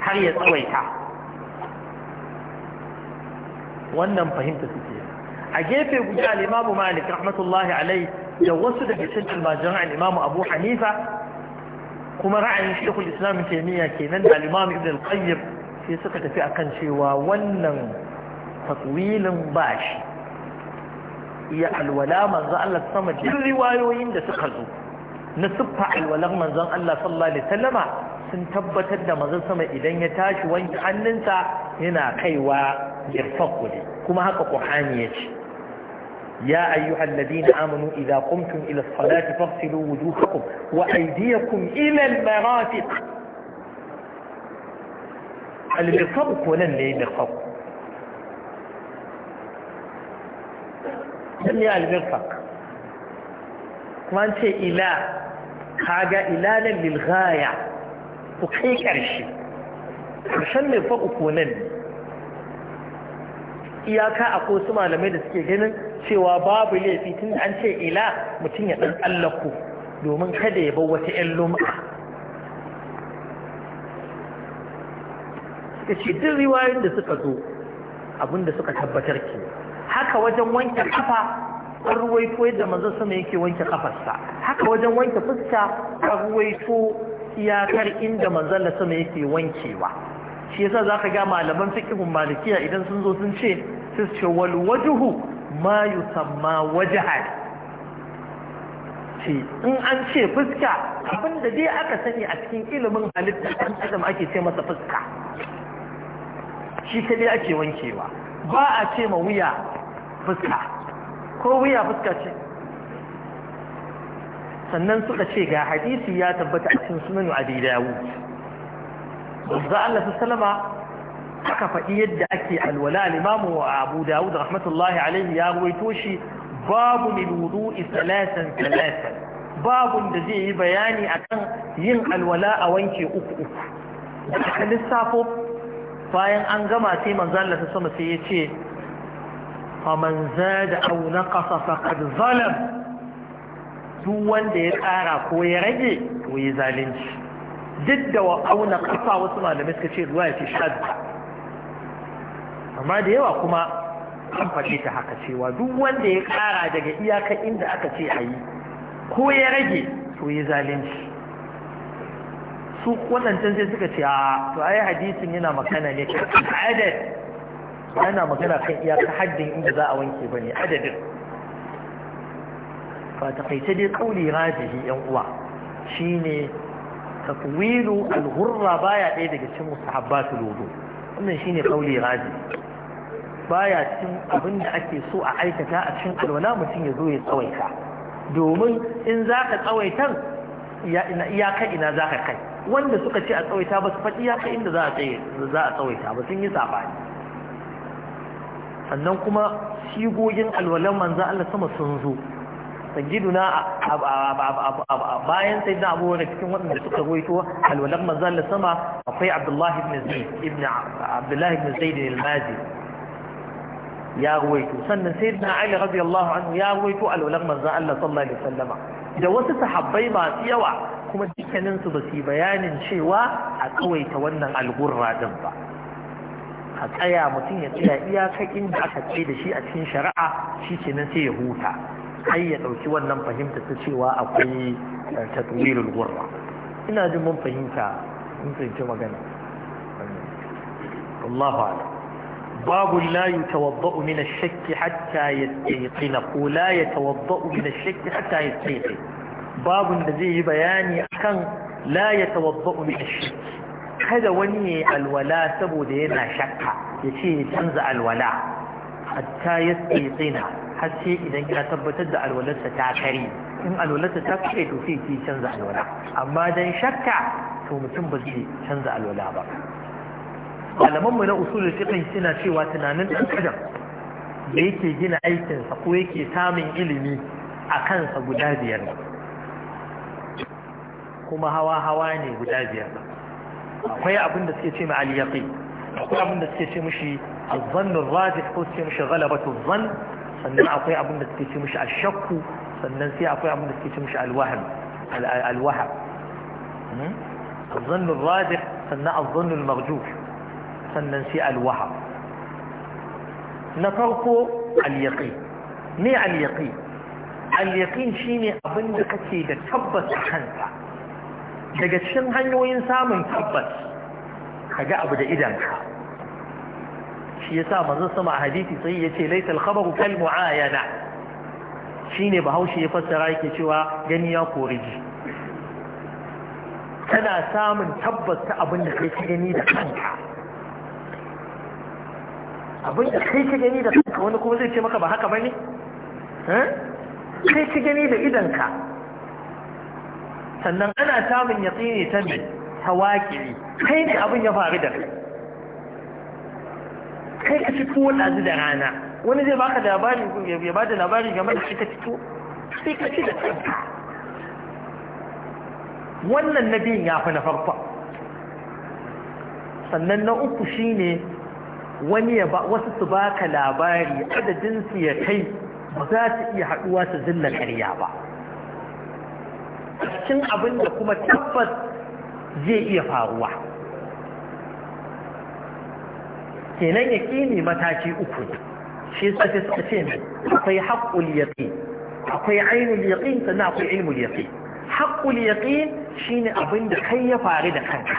A: har ya tsawaita wannan fahimta suke a gefe guda al-Imam Malik rahmatullahi alayhi da wasu daga cikin almajiran al-Imam Abu Hanifa kuma ra'ayin Sheikhul Islam Taymiyyah kenan da al-Imam Ibn al-Qayyim sai suka tafi akan cewa wannan takwilin bashi Ya alwala manzon Allah sama duk riwayoyin da suka zo na siffa alwalar manzon Allah sallallahu alaihi wasallama sun tabbatar da manzon sama idan ya tashi wanke hannunsa yana kaiwa yarfaquli kuma haka Qur'ani ya ce يا أيها الذين آمنوا إذا قمتم إلى الصلاة فاغسلوا وجوهكم وأيديكم إلى المرافق المرفق ولن اللي مرفق لن ليه المرفق وانت إلى حاجة إلهًا للغاية وكيف كرشي عشان مرفق ونن iyaka a ko su malamai da suke ganin cewa babu laifi tun an ce ila mutum ya dan tsallako domin kada ya bar wata 'yan lum'a da ce duk riwayoyin da suka zo abinda suka tabbatar ke haka wajen wanke kafa an ruwaito yadda manzon sama yake wanke kafarsa haka wajen wanke fuska an ruwaito iyakar inda manzon sama yake wankewa shi yasa zaka ga malaman fiqhun malikiya idan sun zo sun ce sai ce wal wajhu ma yusamma wajha shi in an ce fuska abinda dai aka sani a cikin ilimin halitta dan adam ake ce masa fuska shi kadai ake wankewa ba a ce ma wuya fuska ko wuya fuska ce sannan suka ce ga hadisi ya tabbata a cikin sunan abi dawud manzo Allah sallama aka faɗi yadda ake alwala al wa Abu Dawud rahmatullahi alaihi ya ruwaito shi babu lil wudu'i salatan salatan babu da zai yi bayani akan yin alwala a wanke uku uku da lissafo bayan an gama sai manzo Allah sallama sai ya ce faman zada aw naqasa faqad zalam duk wanda ya ƙara ko ya rage to ya zalunci duk da auna kafa wasu malamai suka ce ruwa ya ce shadda amma da yawa kuma an faɗi ta haka cewa duk wanda ya ƙara daga iyaka inda aka ce a yi ko ya rage to ya zalunci su waɗancan sai suka ce a to ai hadisin yana magana ne kan adad yana magana kan iyaka haddin inda za a wanke ba ne adadin kai ta dai ƙauli rajihi yan uwa shine taswilu Alhurra hurra baya ɗaya daga cikin musahabbatul wudu wannan shine kauli razi baya cikin abin da ake so a aikata a cikin alwala mutum ya zo ya tsawaita domin in za ka tsawaitar iyaka ina za ka kai wanda suka ce a tsawaita ba su faɗi iyaka inda za a tsawaita ba sun yi saɓani sannan kuma shigogin alwalan manzo Allah sama sun zo sayyiduna bayan sayyidina Abu Hurairah cikin waɗanda suka goyito alwalan manzon Allah sama akwai Abdullah ibn Zaid al-Mazi ya goyito sannan sayyidina Ali radiyallahu ya goyito alwalan manzon Allah sallallahu alaihi wasallama da wasu sahabbai masu yawa kuma dukkanin su ba su bayanin cewa a kawaita wannan algurra din ba a tsaya mutum ya tsaya in da aka ce da shi a cikin shari'a shi kenan sai ya huta har ya ɗauki wannan fahimta ta cewa akwai tatwirul gurra ina jin mun fahimta mun fahimci magana Allahu a'lam باب لا يتوضأ من الشك حتى يستيقن ولا يتوضأ من الشك حتى يستيقن باب الذي بياني كان لا يتوضأ من الشك هذا وني الولاء سبو دينا شك يشي تنزع الولاء حتى يستيقن har sai idan ka tabbatar da alwalarsa ta kare in alwalarsa ta kare to sai ki canza alwala amma dan shakka to mutum ba zai canza alwala ba malaman mu na usulul fiqh suna cewa tunanin dan adam da yake gina aikinsa ko yake samun ilimi a kansa guda biyar kuma hawa-hawa ne guda biyar akwai abin da suke ce mai aliyaƙi akwai abin da suke ce mushi azannin rajis ko suke mushi galabatu zan sannan akwai abin da suke ce mishi shakku sannan sai akwai abin da suke ce mishi alwaham alwaham hmm? الظن الراجح sannan الظن المرجوح sannan sai alwaham na farko alyaqi ne alyaqi alyaqin shine abin da kake da tabbas a kansa daga cikin hanyoyin samun tabbas kaga abu da idanka shi yasa manzon sama a hadisi sai yace laysa al-khabaru kal muayana shine bahaushe ya fassara yake cewa gani ya koriji kana samun tabbas ta abin da kai ka gani da kanka abin da kai ka gani da kanka wani kuma zai ce maka ba haka bane kai ka gani da ka? sannan ana samun yaƙini ta ne ta waƙiri kai ne abin ya faru da kai kai ka fito ɗazu da rana wani zai baka labari ya bada labari game da shi ka fito sai ka ci da kanka wannan na biyun ya fi na farko sannan na uku shi ne wasu su baka labari adadin su ya kai ba za su iya haɗuwa su zilla ƙarya ba cikin abin da kuma tabbas zai iya faruwa kenan yaqini mataki uku shi yasa sai suka ce akwai haqqul yaqin akwai ainul yaqin sannan akwai ilmul yaqin haqqul yaqin shine abin da kai ya faru da kanka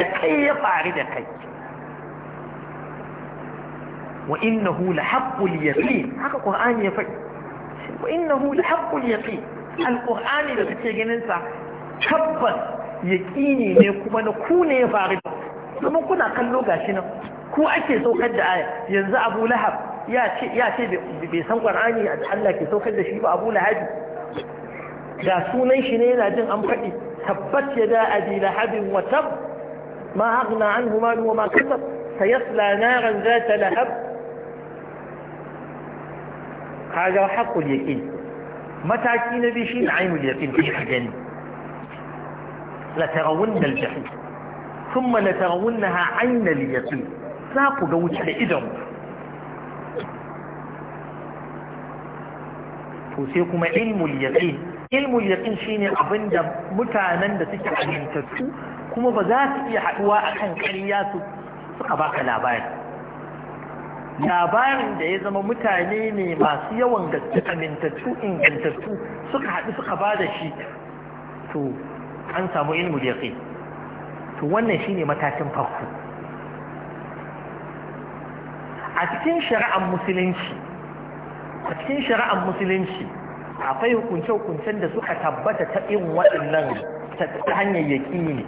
A: da kai ya faru da kai wa innahu la haqqul yaqin haka qur'ani ya faɗi wa innahu la haqqul yaqin alqur'ani da kake ganin sa tabbas yaqini ne kuma na ku ne ya faru kuma kuna kallo gashi nan ko ake saukar da aya yanzu abu lahab ya ce bai san ƙwar'ani a Allah ke saukar da shi ba abu lahabi da sunan shi ne yana jin an faɗi tabbat ya da abi lahabin wa tab ma haƙna an huma wa ma kasar sayasla naran za ta lahab kaga haƙul yaƙin mataki na biyu shi ne ainul yaƙin fi gani la tarawun da aljahi ثم لترونها عين اليقين za ku ga wuce da idan to sai kuma ilmul yaqin ilmul yaqin shine abinda mutanen da suke amintattu kuma ba za su iya haduwa akan ƙarya su suka baka labari labarin da ya zama mutane ne masu yawan gaske amintattu ingantattu suka haɗu suka ba da shi to an samu ilmul yaqin to wannan shine matakin farko a cikin shari'ar musulunci a cikin shari'ar musulunci akwai hukunce-hukuncen da suka tabbata ta irin waɗannan ta hanyar yaƙini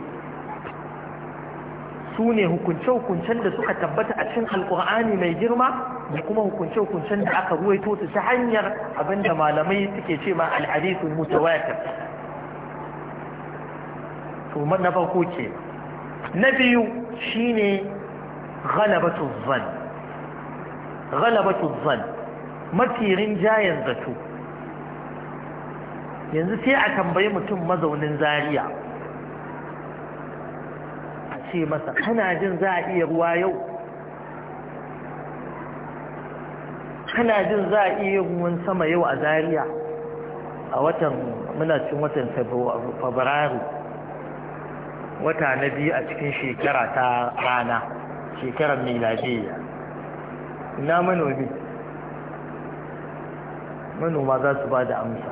A: su ne hukunce-hukuncen da suka tabbata a cikin alƙur'ani mai girma da kuma hukunce-hukuncen da aka ruwaito su ta hanyar abinda malamai suke ce ma al'adisun mutawatir to na farko ke na biyu shine ghalabatu zan ghalabatu zan mafi rinjayen zato yanzu sai a tambayi mutum mazaunin zariya a ce masa kana jin za a iya ruwa yau kana jin za a iya ruwan sama yau a zariya a watan muna cin watan fabrairu wata na biyu a cikin shekara ta rana shekarar miladiyya ina manomi manoma za su ba da amsa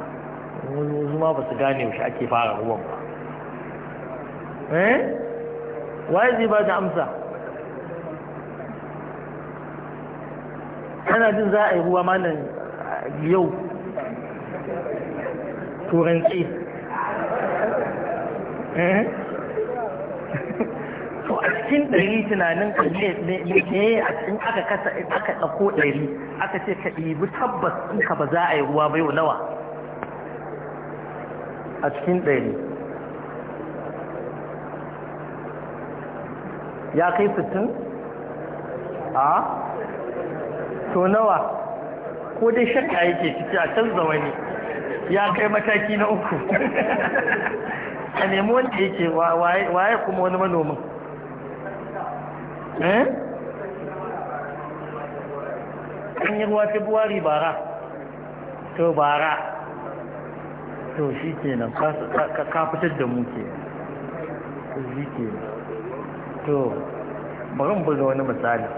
A: wani ma ba su gane shi ake fara ruwan ba eh waye zai ba da amsa ana jin za a yi ruwa ma nan yau turanci eh a cikin ɗari tunanin ka ne a cikin aka kasa in aka ɗauko ɗari aka ce ka ɗibi tabbas in ka ba za a yi ruwa bai nawa a cikin ɗari ya kai sittin a to nawa ko dai shakka yake ciki a canza wani ya kai mataki na uku a nemi wanda yake waye kuma wani manomin eh an yi ruwa february bara to bara to shi kenan ka fitar da muke, shi kenan to bari mu buga wani misali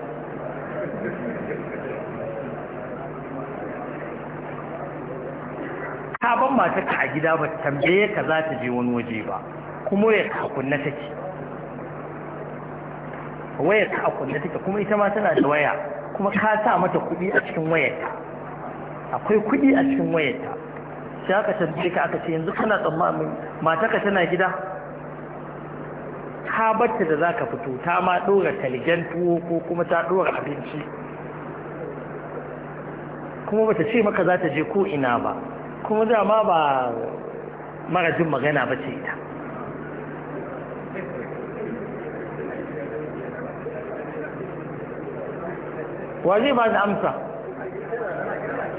A: ka ban matarka a gida ba tambaye ka za ta je wani waje ba kuma ya kakunna take wayar ka a kunne take kuma ita ma tana da waya kuma ka sa mata kuɗi a cikin wayarta akwai kuɗi a cikin wayarta sai aka tambaye ka aka ce yanzu kana tsammanin ka tana gida ka batta da zaka fito ta ma dora taligen tuwo ko kuma ta dora abinci kuma bata ce maka za ta je ko ina ba kuma dama ba marajin magana ba ce ita wa zai ba da amsa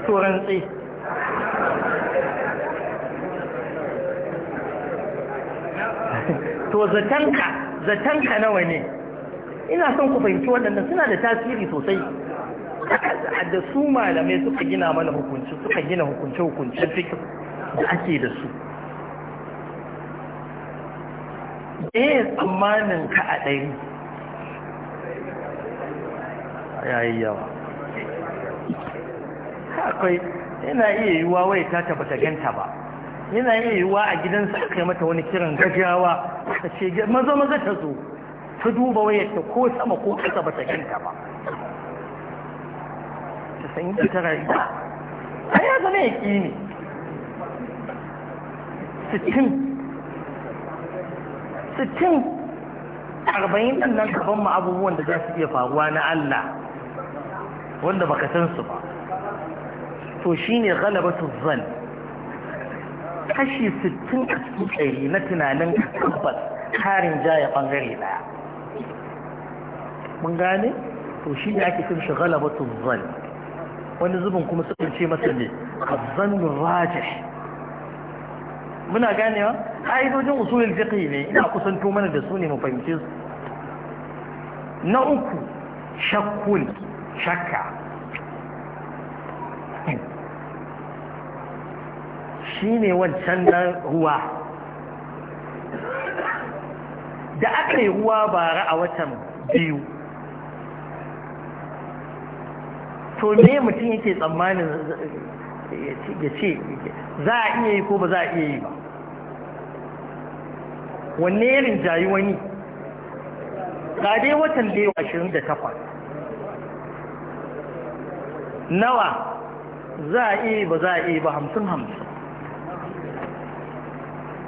A: turan tsi to zatanka zatanka nawa ne ina son ku fahimci waɗanda suna da tasiri sosai da su malamai suka gina mana hukunci suka gina hukunce hukunci fikir da ake da su ɗaya tsammanin ka a ɗari ya yi yawa akwai yana iya yiwuwa wai ta taba ta ganta ba yana iya yiwuwa a gidansa aka yi mata wani kiran gajiyawa, ta ce maza maza ta zo ta duba wayarta ko sama ko kasa ba ta ganta ba ta san yi ta ba a ya zama ya ƙi ne sittin sittin arba'in ɗan nan gaban ma abubuwan da za su iya faruwa na Allah wanda baka san su ba to shine galabatu zan kashi 60 a cikin ɗari na tunanin tabbas karin jaya bangare daya mun gane to shi ne ake cin shi ghalabatu zan wani zubin kuma sukan ce masa ne azzannu rajih muna ganewa ka'idojin usulul fiqh ne ina kusanto mana da su ne mu fahimce su na uku shakkun shakka shi ne wancan nan ruwa da aka yi ruwa bara a watan biyu to ne mutum yake tsammanin ya ce za a iya yi ko ba za a iya yi ba wanne yarin jayi wani ga watan da yawa 28 nawa za a iya ba za a iya ba hamsin hamsin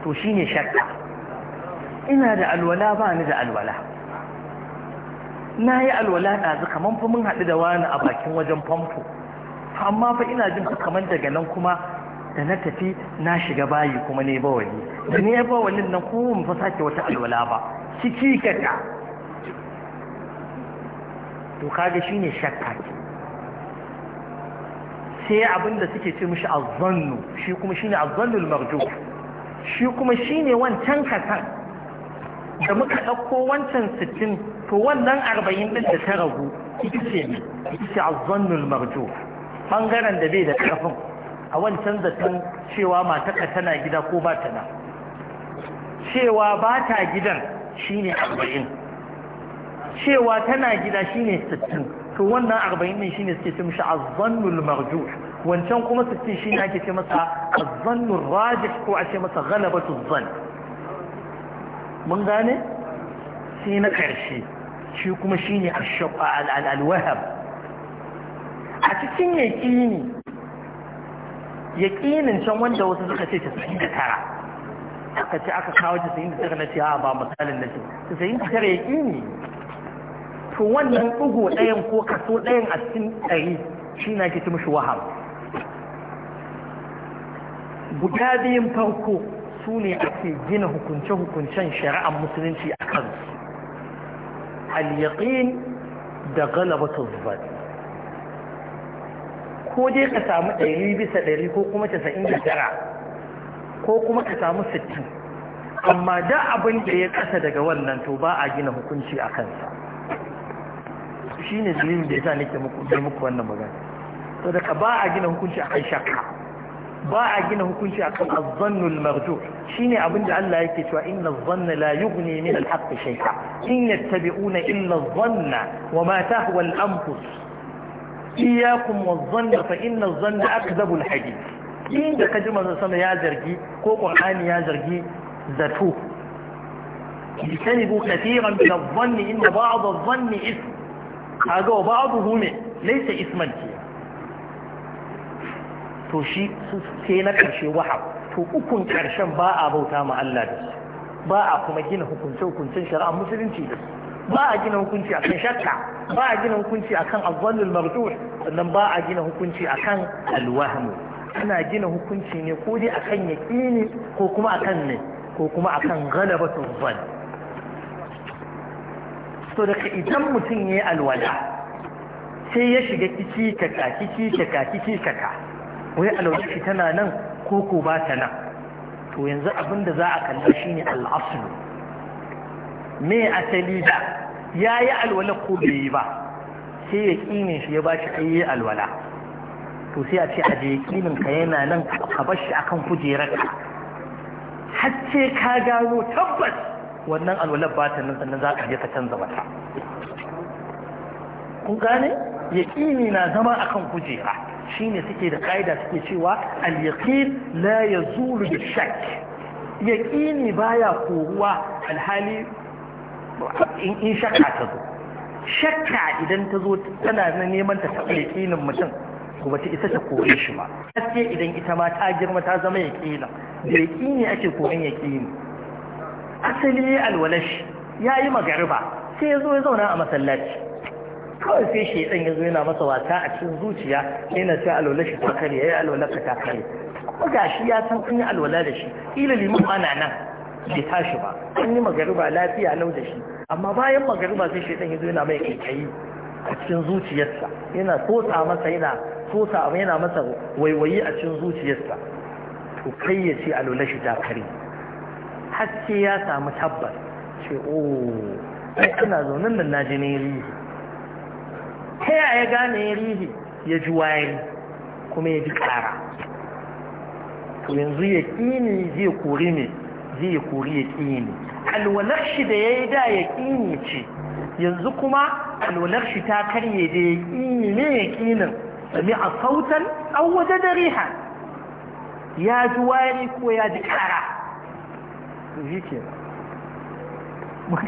A: to shi ne shakka ina da alwala ba ni da alwala na yi alwala ɗazu kamar fi mun haɗu da wani a bakin wajen famfo amma fa ina jin kamar daga nan kuma da na tafi na shiga bayi kuma ne wani. da ne wani nan kuma mun fa sake wata alwala ba ciki kaka to kaga ne shakka sai abin da suke ce mishi azzannu shi kuma shine azzannul marjuh shi kuma shine wancan kasan da muka dauko wancan sittin to wannan arba'in ɗin da ta ragu ita ce ne ita ce azzannul marjuh bangaren da bai da ƙarfin a wancan zaton cewa matarka tana gida ko ba ta na cewa ba ta gidan shine arba'in cewa tana gida shine sittin to wannan arba'in ne shine suke ce mishi azzannul marjuh wancan kuma su ce shine ake ce masa azzannul rajih ko a masa ghalabatu zann mun gane sai na karshe shi kuma shine al-wahab a cikin yaqini yaqinin can wanda wasu suka ce 99 aka ce aka kawo 99 na ce ha ba misalin na ce 99 ya ƙini to wannan ɗigo ɗayan ko kaso ɗayan a cikin ɗari shi na ke ci mishi wahal guda biyun farko su ne ake gina hukunce-hukuncen shari'ar musulunci a kansu al-yaqin da galabatu zubar ko dai ka samu ɗari bisa ɗari ko kuma casa'in da tara ko kuma ka samu sittin amma da abin da ya ƙasa daga wannan to ba a gina hukunci a kansa shine dalilin da yasa nake muku dai muku wannan magana to da ba a gina hukunci akan shakka ba a gina hukunci akan az-zannul marju shine abin da Allah yake cewa inna az zanna la yughni min al-haqqi shay'a in yattabi'una illa az-zanna wa ma tahwa al-anfus iyyakum wadh zanna fa inna az-zanna akdhabu al-hadith inda kaji manzon sama ya zargi ko qur'ani ya zargi zato اجتنبوا كثيرا من الظن إن بعض الظن إثم kaga wa ba'duhu ne laysa isman ke to shi sai na karshe wahab to ukun karshen ba a bauta ma Allah da su ba a kuma gina hukunce hukuncin shari'a musulunci da su ba a gina hukunci akan shakka ba a gina hukunci akan azzalul marjuh sannan ba a gina hukunci akan alwahm ana gina hukunci ne ko dai akan yaqini ko kuma akan ne ko kuma akan ghalabatul zann so daga idan mutum ya yi alwala sai ya shiga kiki kaka kiki kaka kiki kaka wai alwala shi tana nan ko ba ta nan to yanzu abin da za a kalli shi ne al'asulu me asali da ya yi alwala ko bai yi ba sai ya ƙinin shi ya ba shi yi alwala to sai a ce a je kinin ka yana nan ka bar shi akan ka har ce ka gano tabbas wannan alwalar ba ta nan sannan za ka je ka canza wata kun gane yaƙini na zama a akan kujera ne suke da ƙa'ida suke cewa al-yaqin la yazulu bi shakk yaƙini baya koruwa alhali in shakka ta zo shakka idan ta zo tana neman ta taɓa yaƙinin mutum ko ta isa ta kore shi ba haske idan ita ma ta girma ta zama yaƙinin da yaƙini ake koren yaƙini asali alwalashi ya yi magariba sai ya zo ya zauna a masallaci kawai sai shaidan ya zo yana masa wasa a cikin zuciya yana sai alwalashi ta kare ya yi alwalarka ta kare kuma gashi ya san kun yi alwala da shi ila liman ana nan bai tashi ba an yi magariba lafiya lau da shi amma bayan magariba sai shaidan ya zo yana mai kaikayi a cikin zuciyarsa yana tsotsa masa yana tsotsa yana masa waiwayi a cikin zuciyarsa to kai ya ce alwalashi ta kare haske ya samu tabbas ce o oh, ai ana zaunin nan na ji ne rihi ta yaya ya gane rihi ya ji wari kuma ya ji kara to yanzu ya kini zai kori ne zai kori ya kini alwalar shi da ya yi da ya kini ce yanzu kuma alwalar shi ta karye da ya kini ne ya kinin sami a sautan an waje da riha ya ji wari ko ya ji kara to shi ke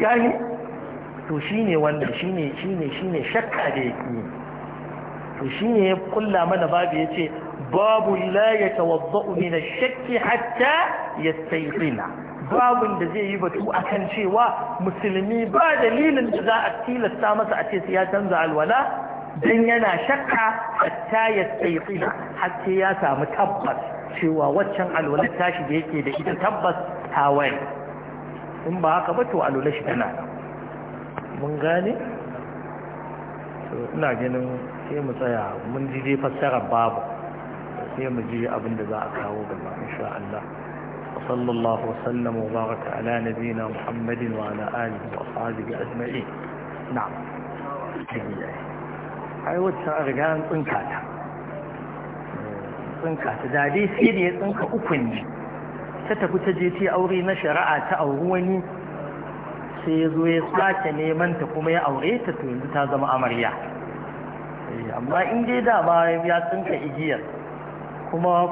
A: gane to shi ne wannan shi ne shi ne shi ne shakka da yake to shi ne ya kulla mana babu ya ce babu la ya tawadda'u min na shakki hatta yastayqina babu da zai yi batu akan cewa musulmi ba dalilin da za a tilasta masa a ce sai ya canza alwala dan yana shakka hatta yastayqina hatta ya samu tabbas cewa waccan alwalar tashi da yake da ita tabbas hawaii in ba haka ba to alwalar shi tana mun gane To ina ganin sai mu tsaya mun ji dai fassarar babu sai mu ji abin da za a kawo gaba insha Allah وصلى الله وسلم وبارك على نبينا محمد وعلى آله وأصحابه أجمعين نعم أي وجه أرجان انكاتا tsinka ta da dai sai da ya tsinka uku ne ta tafi ta je ta aure na shari'a ta auri wani sai ya zo ya sake neman ta kuma ya aure ta to yanzu ta zama amarya eh, amma in dai da ma ya tsinka igiyar kuma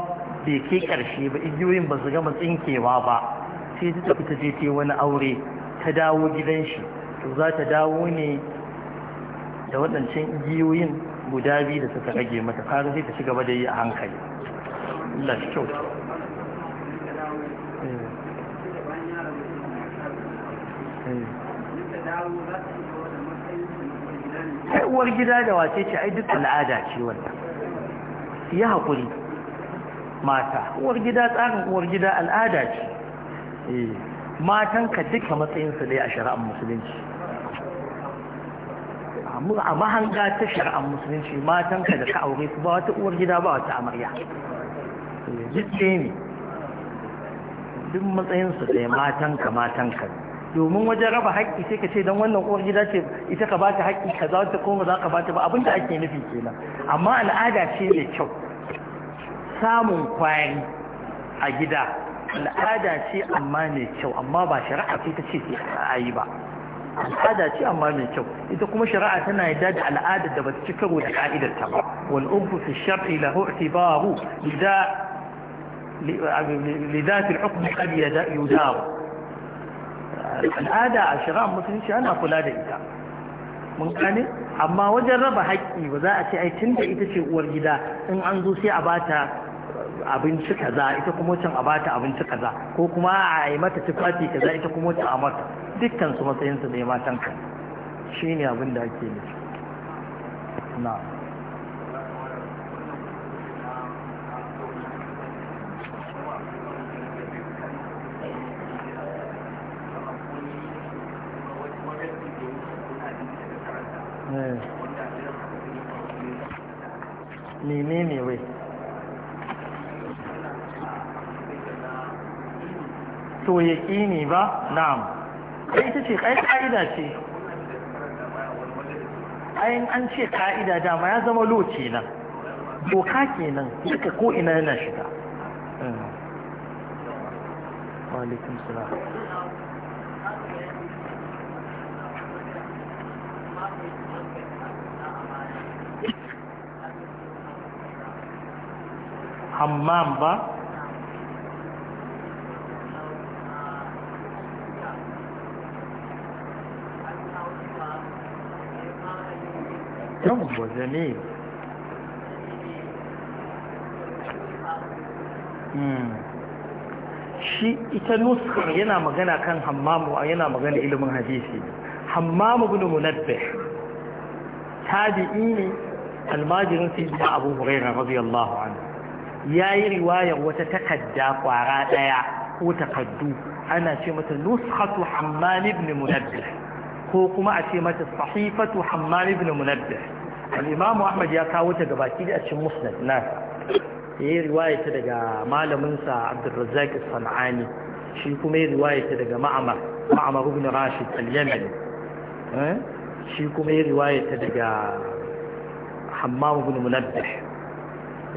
A: bai ke karshe ba igiyoyin ba su gama tsinkewa ba sai ta tafi ta je ta wani aure ta dawo gidan shi to za ta dawo ne da waɗancan igiyoyin guda biyu da suka rage mata kaga sai ta ci gaba da yi a hankali Allah shi kyau. ai eh.
B: eh. eh, uwar gida da wace ce ai duk al'ada
A: ce wannan ya haƙuri mata uwar gida tsarin uwar gida al'ada ce Matan ka duka matsayinsu dai a shari'ar musulunci a mahanga ta shari'ar musulunci matanka da ka aure su ba wata uwar gida ba wata amarya duk ne duk matsayinsu ɗaya matanka matanka domin wajen raba haƙƙi sai ka ce don wannan uwar gida ce ita ka bata haƙƙi ka za ta koma za ka bata ba abin da ake nufi kenan amma al'ada ce mai kyau samun kwari a gida al'ada ce amma mai kyau amma ba shari'a ce ta ce a yi ba al'ada ce amma mai kyau ita kuma shari'a tana yadda da al'adar da ba ta ci karo da ka'idar ta ba wal urfu fi shar'i lahu i'tibaru idza لذات الحكم قد يدار al'ada a shari'a musulunci ana kula da ita mun gane amma wajen raba haƙƙi ba za a ce ai tun da ita ce uwar gida in an zo sai a bata abinci kaza ita kuma wacce a bata abinci kaza ko kuma a yi mata tufafi kaza ita kuma wacce a mata dukkan su matsayin su ne matan ka shine abin da ake nufi na eh. menene wai to ya ne ba na'am ita ce ƙai ƙa'ida ce ayin an ce ƙa'ida dama ya zama lo nan doka kenan duka ko ina yana shiga hmm. alaikum hammam ba Hmm. shi ita nuskan yana magana kan hammamu yana magana ilimin hadisi hammamu bin munabbe tabi'i ne almajirin sayyidina abu huraira radiyallahu anhu yi riwaya wata takadda kwara daya ko takaddu ana ce mata nuskatu hammam ibn munabbe ko kuma a ce mata sahifatu hamman ibn munabbih al-imam ahmad ya kawo ta gabaki da a cikin musnad na yayi riwaya ta daga malamin sa abdurrazzaq sanani shi kuma yayi riwaya ta daga ma'amar ma'amar ibn rashid al-yamani eh? shi kuma yayi riwaya ta daga hammam ibn munabbih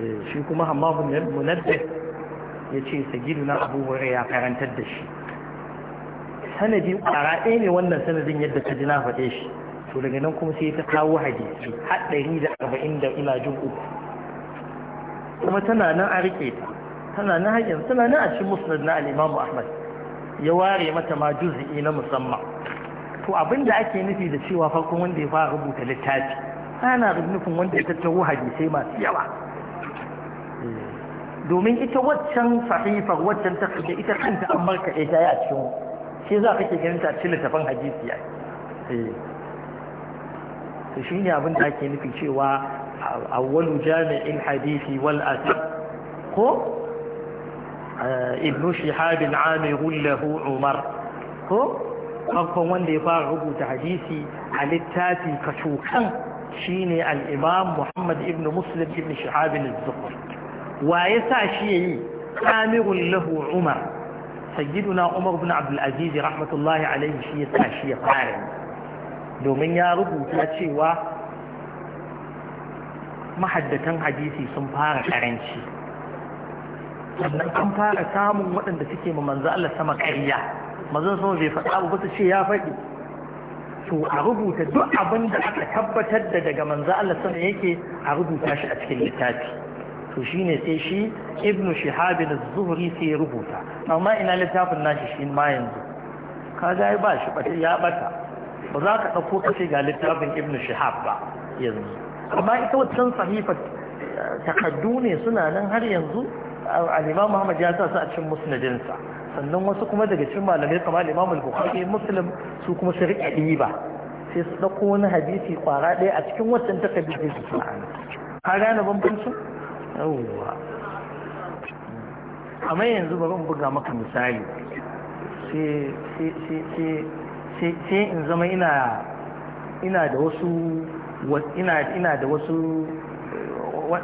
A: eh, shi kuma hammam ibn munabbih yace sagiduna abu hurairah ya karantar da shi Sanadin ƙara ɗaya ne wannan sanadin yadda ka ji na faɗe shi to daga nan kuma sai ta kawo hadisi haɗari da arba'in da ina jin uku kuma tana nan a riƙe ta tana nan haƙin tana nan a cikin musnad na al'imamu ahmad ya ware mata ma juz'i na musamman to abin da ake nufi da cewa farkon wanda ya fara rubuta littafi ana nufin wanda ya tattaro hadisai masu yawa eh, domin ita waccan sahifar waccan ta ita kanta an markaɗe ta yi a cikin shi za kake ganin ta ci littafin hadisi ya eh. to shi ne abin da ake nufi cewa awwalu jami'in hadisi wal asar ko eh, ibnu shihab al-amir lahu umar ko farkon wanda ya fara rubuta hadisi a littafi kacokan shine al-imam muhammad ibn muslim ibn shihab al-zuhri wa ya sa shi yi amirun lahu umar sayyiduna umar bin abdul aziz rahmatullahi alaihi shi ya tashi ya fara domin ya rubuta cewa mahaddatan hadisi sun fara karanci sannan an fara samun waɗanda suke ma manzo Allah sama kariya manzon sama bai faɗa ba ta ce ya faɗi to a rubuta duk abin da aka tabbatar da daga manzo Allah sama yake a rubuta shi a cikin littafi to shi ne sai shi ibn shihabin az-zuhri sai ya rubuta amma ina littafin nashi shi ma yanzu Ka ga ba shi bata ya bata ba za ka dauko kace ga littafin ibn shihab ba yanzu amma ita wancan sahifa takaddu ne suna nan har yanzu al-imam Muhammad ya sa su a cikin sa sannan wasu kuma daga cikin malamai kamar al-imam al-bukhari muslim su kuma su rike ba sai su dauko wani hadisi kwara ɗaya a cikin wancan takaddu su ka gane bambancin yawwa amma yanzu ba zan buga maka misali sai in zama ina da wasu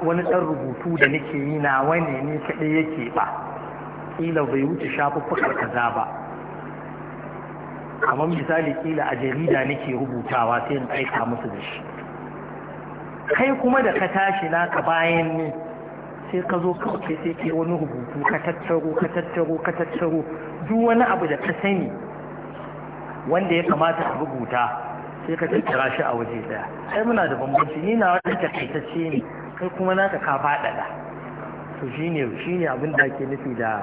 A: wani ɗan rubutu da nake yi na wani ne kaɗai yake ba ƙila bai wuce shafuffuka kaza ba kamar misali ƙila a jarida nake rubutawa sai in aika musu da shi kai kuma da ka tashi naka bayan ni sai ka zo kawai sai ke wani rubutu ka tattaro ka tattaro ka tattaro duk wani abu da ka sani wanda ya kamata a rubuta sai ka tattara shi a waje daya ai muna da bambanci ni na wata takaitacce ne kai kuma naka ka faɗaɗa to shine shine abin da ake nufi da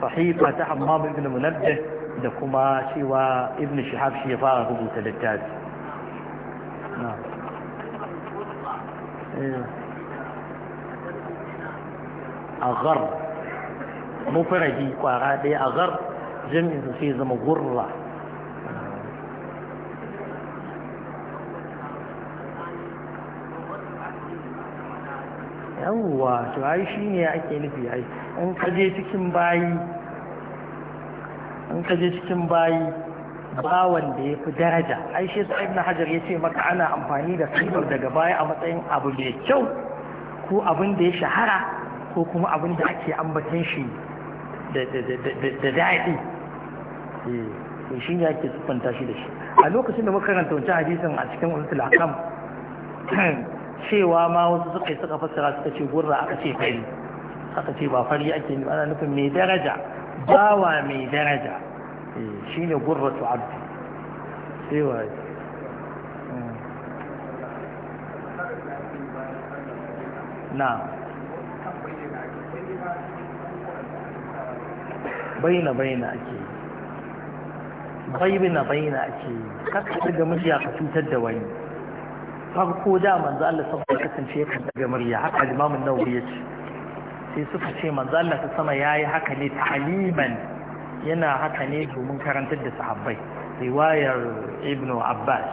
A: sahifa ta Hammam ibn Munabbih da kuma cewa ibn Shihab shi ya fara rubuta littafi eh. aghar mufradi kwara ɗaya aghar jami'in sai zama gurra yawwa to ai shi ne ake nufi ai in kaje cikin bayi in kaje cikin bayi bawan da ya fi daraja ai shi sa ibn hajar ya ce maka ana amfani da kalmar daga baya a matsayin abu mai kyau ko abin da ya shahara ko kuma abin da ake ambatan shi da daɗi to eh, shi ne ake siffanta shi da shi a lokacin da muka karanta wancan hadisin a cikin ulul akam cewa ma wasu suka yi suka fassara suka ce gurra aka ce fari aka ce ba fari ake ana nufin mai daraja bawa mai daraja eh, shi ne gurra gurratu abdu cewa na baina baina ake baina baina ake kaka daga murya ka cutar da wani farko da manzo Allah saboda kasance ya kan daga murya haka imamun nawawi ya ce sai suka ce manzo Allah ta sama yayi haka ne ta'aliman yana haka ne domin karantar da sahabbai riwayar ibnu abbas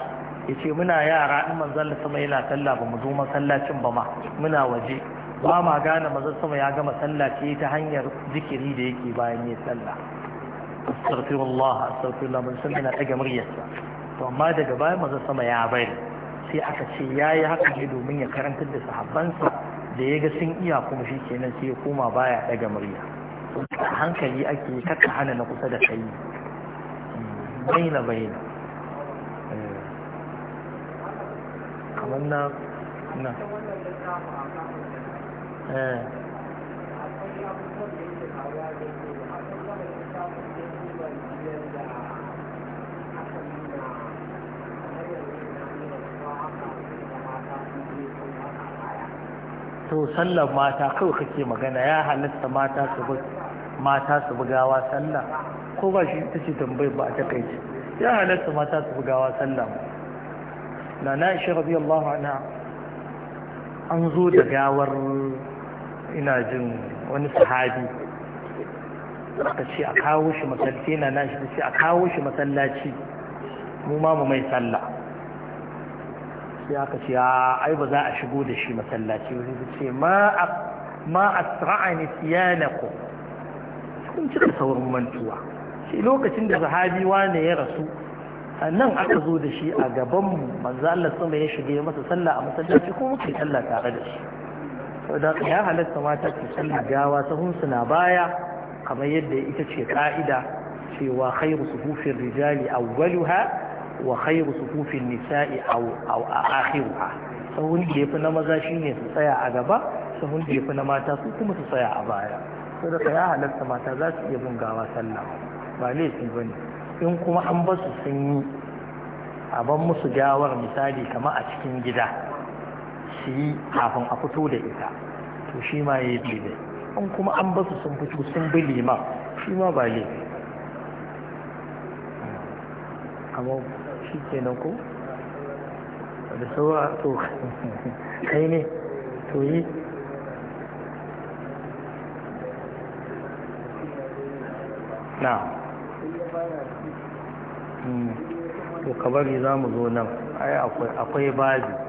A: yace muna yara in manzo Allah sama yana talla ba mu zo masallacin ba ma muna waje ba ma gane mazan sama ya gama sallah ce ta hanyar zikiri da yake bayan ya sallah astaghfirullah astaghfirullah mun san Ina ɗaga muryarsa to amma daga bayan mazan sama ya bari sai aka ce yayi haka ne domin ya karantar da sahabbansa da ya ga sun iya kuma shi kenan sai ya koma baya ɗaga murya a hankali ake kaka hana na kusa da kai baina baina eh. kamar na
B: na Eh.
A: to sallar mata kawai kake magana ya halatta mata su mata su bugawa sallah ko ba shi ta ce tambayar ba a takaice ya halatta mata su bugawa sallah na na ishe rabi Allah an zo da gawar ina jin wani sahabi aka ce a kawo shi masallaci na nashi da ce a kawo shi masallaci mu ma mu mai sallah sai aka ce a ai ba za a shigo da shi masallaci wani ta ce ma a tsa'ani sun ci da saurin mantuwa shi lokacin da sahabi wane ya rasu a nan aka zo da shi a gaban manzo Allah sama ya shige masa sallah a masallaci ko muke sallah tare da shi saboda ya halatta mata su sallar gawa sahun suna baya kamar yadda ita ce ka'ida cewa khairu sufufin rijali awwaluha wa khairu sufufin nisa'i aw akhiruha sahun da yafi na maza shine su tsaya a gaba sahun da yafi na mata su kuma su tsaya a baya saboda ya halatta mata za su iya bin gawa sallah ba laifi bane in kuma an basu sun yi a ban musu gawar misali kamar a cikin gida su yi kafin a fito da ita to shi ma ya yi ne kuma an basu sun fito sun bi lima shi ma ba yi amma shi ke nan ko da saura to kai ne to yi na hmm. to kabari za mu zo nan ai akwai bazi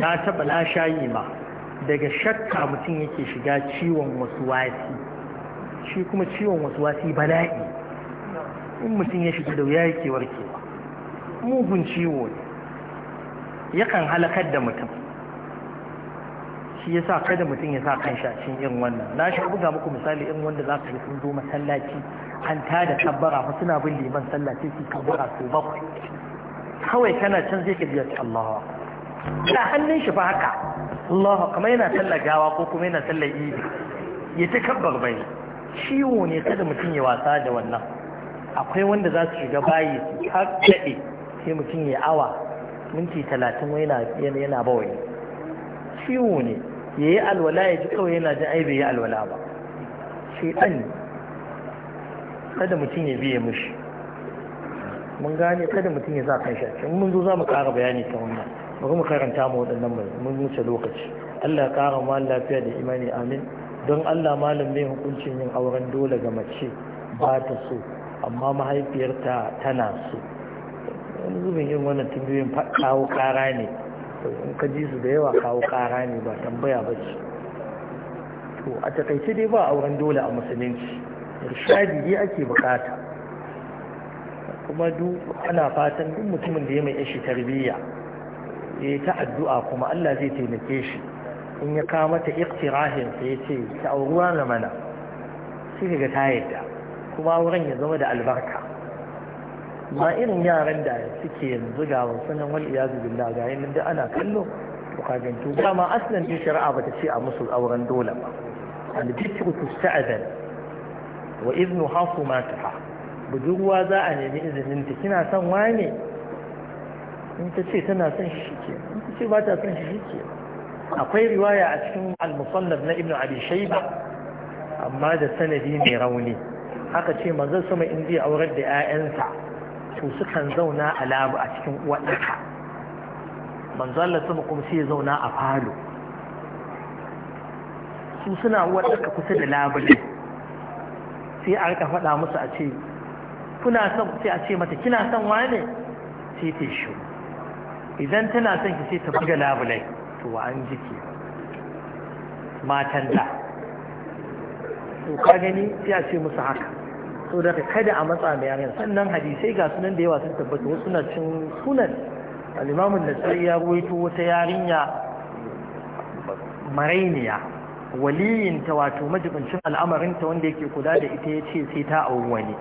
A: na taɓa na shayi ma daga shakka mutum yake shiga ciwon wasu wasi shi kuma ciwon wasu wasi bala'i in mutum ya shiga da wuya yake warkewa mugun ciwo ne yakan halakar da mutum shi ya sa kada mutum ya sa kan shashin irin wannan na shi buga muku misali irin wanda za ka yi sun zo masallaci an da tabbara fa suna bin liman sallaci su su bakwai kawai kana can zai ka biya ci Allahu da hannun shi ba haka Allah kamar yana sallar gawa ko kuma yana sallar idi ya ta kabbar bai ciwo ne kada mutum ya wasa da wannan akwai wanda za su shiga bayi har daɗe. sai mutum ya awa minti talatin yana yana bawai ciwo ne ya yi alwala ya ji kawai yana jin aibe ya yi alwala ba shi ɗan kada mutum ya biye mushi mun gane kada mutum ya sa kan shi mun zo za mu ƙara bayani ta wannan bari mu karanta mu waɗannan mai mun wuce lokaci Allah kara ma lafiya da imani amin don Allah malam mai hukuncin yin auren dole ga mace ba ta so amma mahaifiyarta tana so wani zubin yin wannan tambayoyin kawo ƙara ne in ka ji su da yawa kawo ƙara ne ba tambaya ba ce to a takaice dai ba auren dole a musulunci irshadi dai ake bukata kuma duk ana fatan duk mutumin da ya mai ishi tarbiyya ya eh, ta addu'a kuma Allah zai taimake shi in ya kawo mata iktirahin sai ya ce ta auruwa na mana sai ga ta yadda kuma wurin ya zama da albarka ba irin yaran da suke yanzu ga wasannin wal iyazu billah ga yin da ana kallo to kagantu dama aslan din shari'a bata ce a musu auren dole ba al bikru tusta'zan wa idnu hasu ma taha budurwa za a nemi izinin ta kina son wane in ta ce tana son shi ke. in ta ce ba ta son shi ke. akwai riwaya a cikin al-musannaf na ibnu abi shayba amma da sanadi mai rauni Haka ce manzon sama in zai aurar da 'ya'yansa to sukan zauna a labu a cikin uwaɗaka manzon Allah sama kuma sai zauna a falo su suna uwaɗaka kusa da labule sai a rika faɗa musu a ce kuna son sai a ce mata kina son wane sai ta shi idan tana son ki ce ta buga labulai to an jiki matan da to ka gani a ce musu haka to da kada a matsa mai yaran sannan hadisai ga sunan da yawa sun tabbata wasu na cin sunan alimamun da ya ruwaito wata yarinya marainiya waliyinta wato majibincin al'amarinta wanda yake kula da ita ya ce sai ta auri wani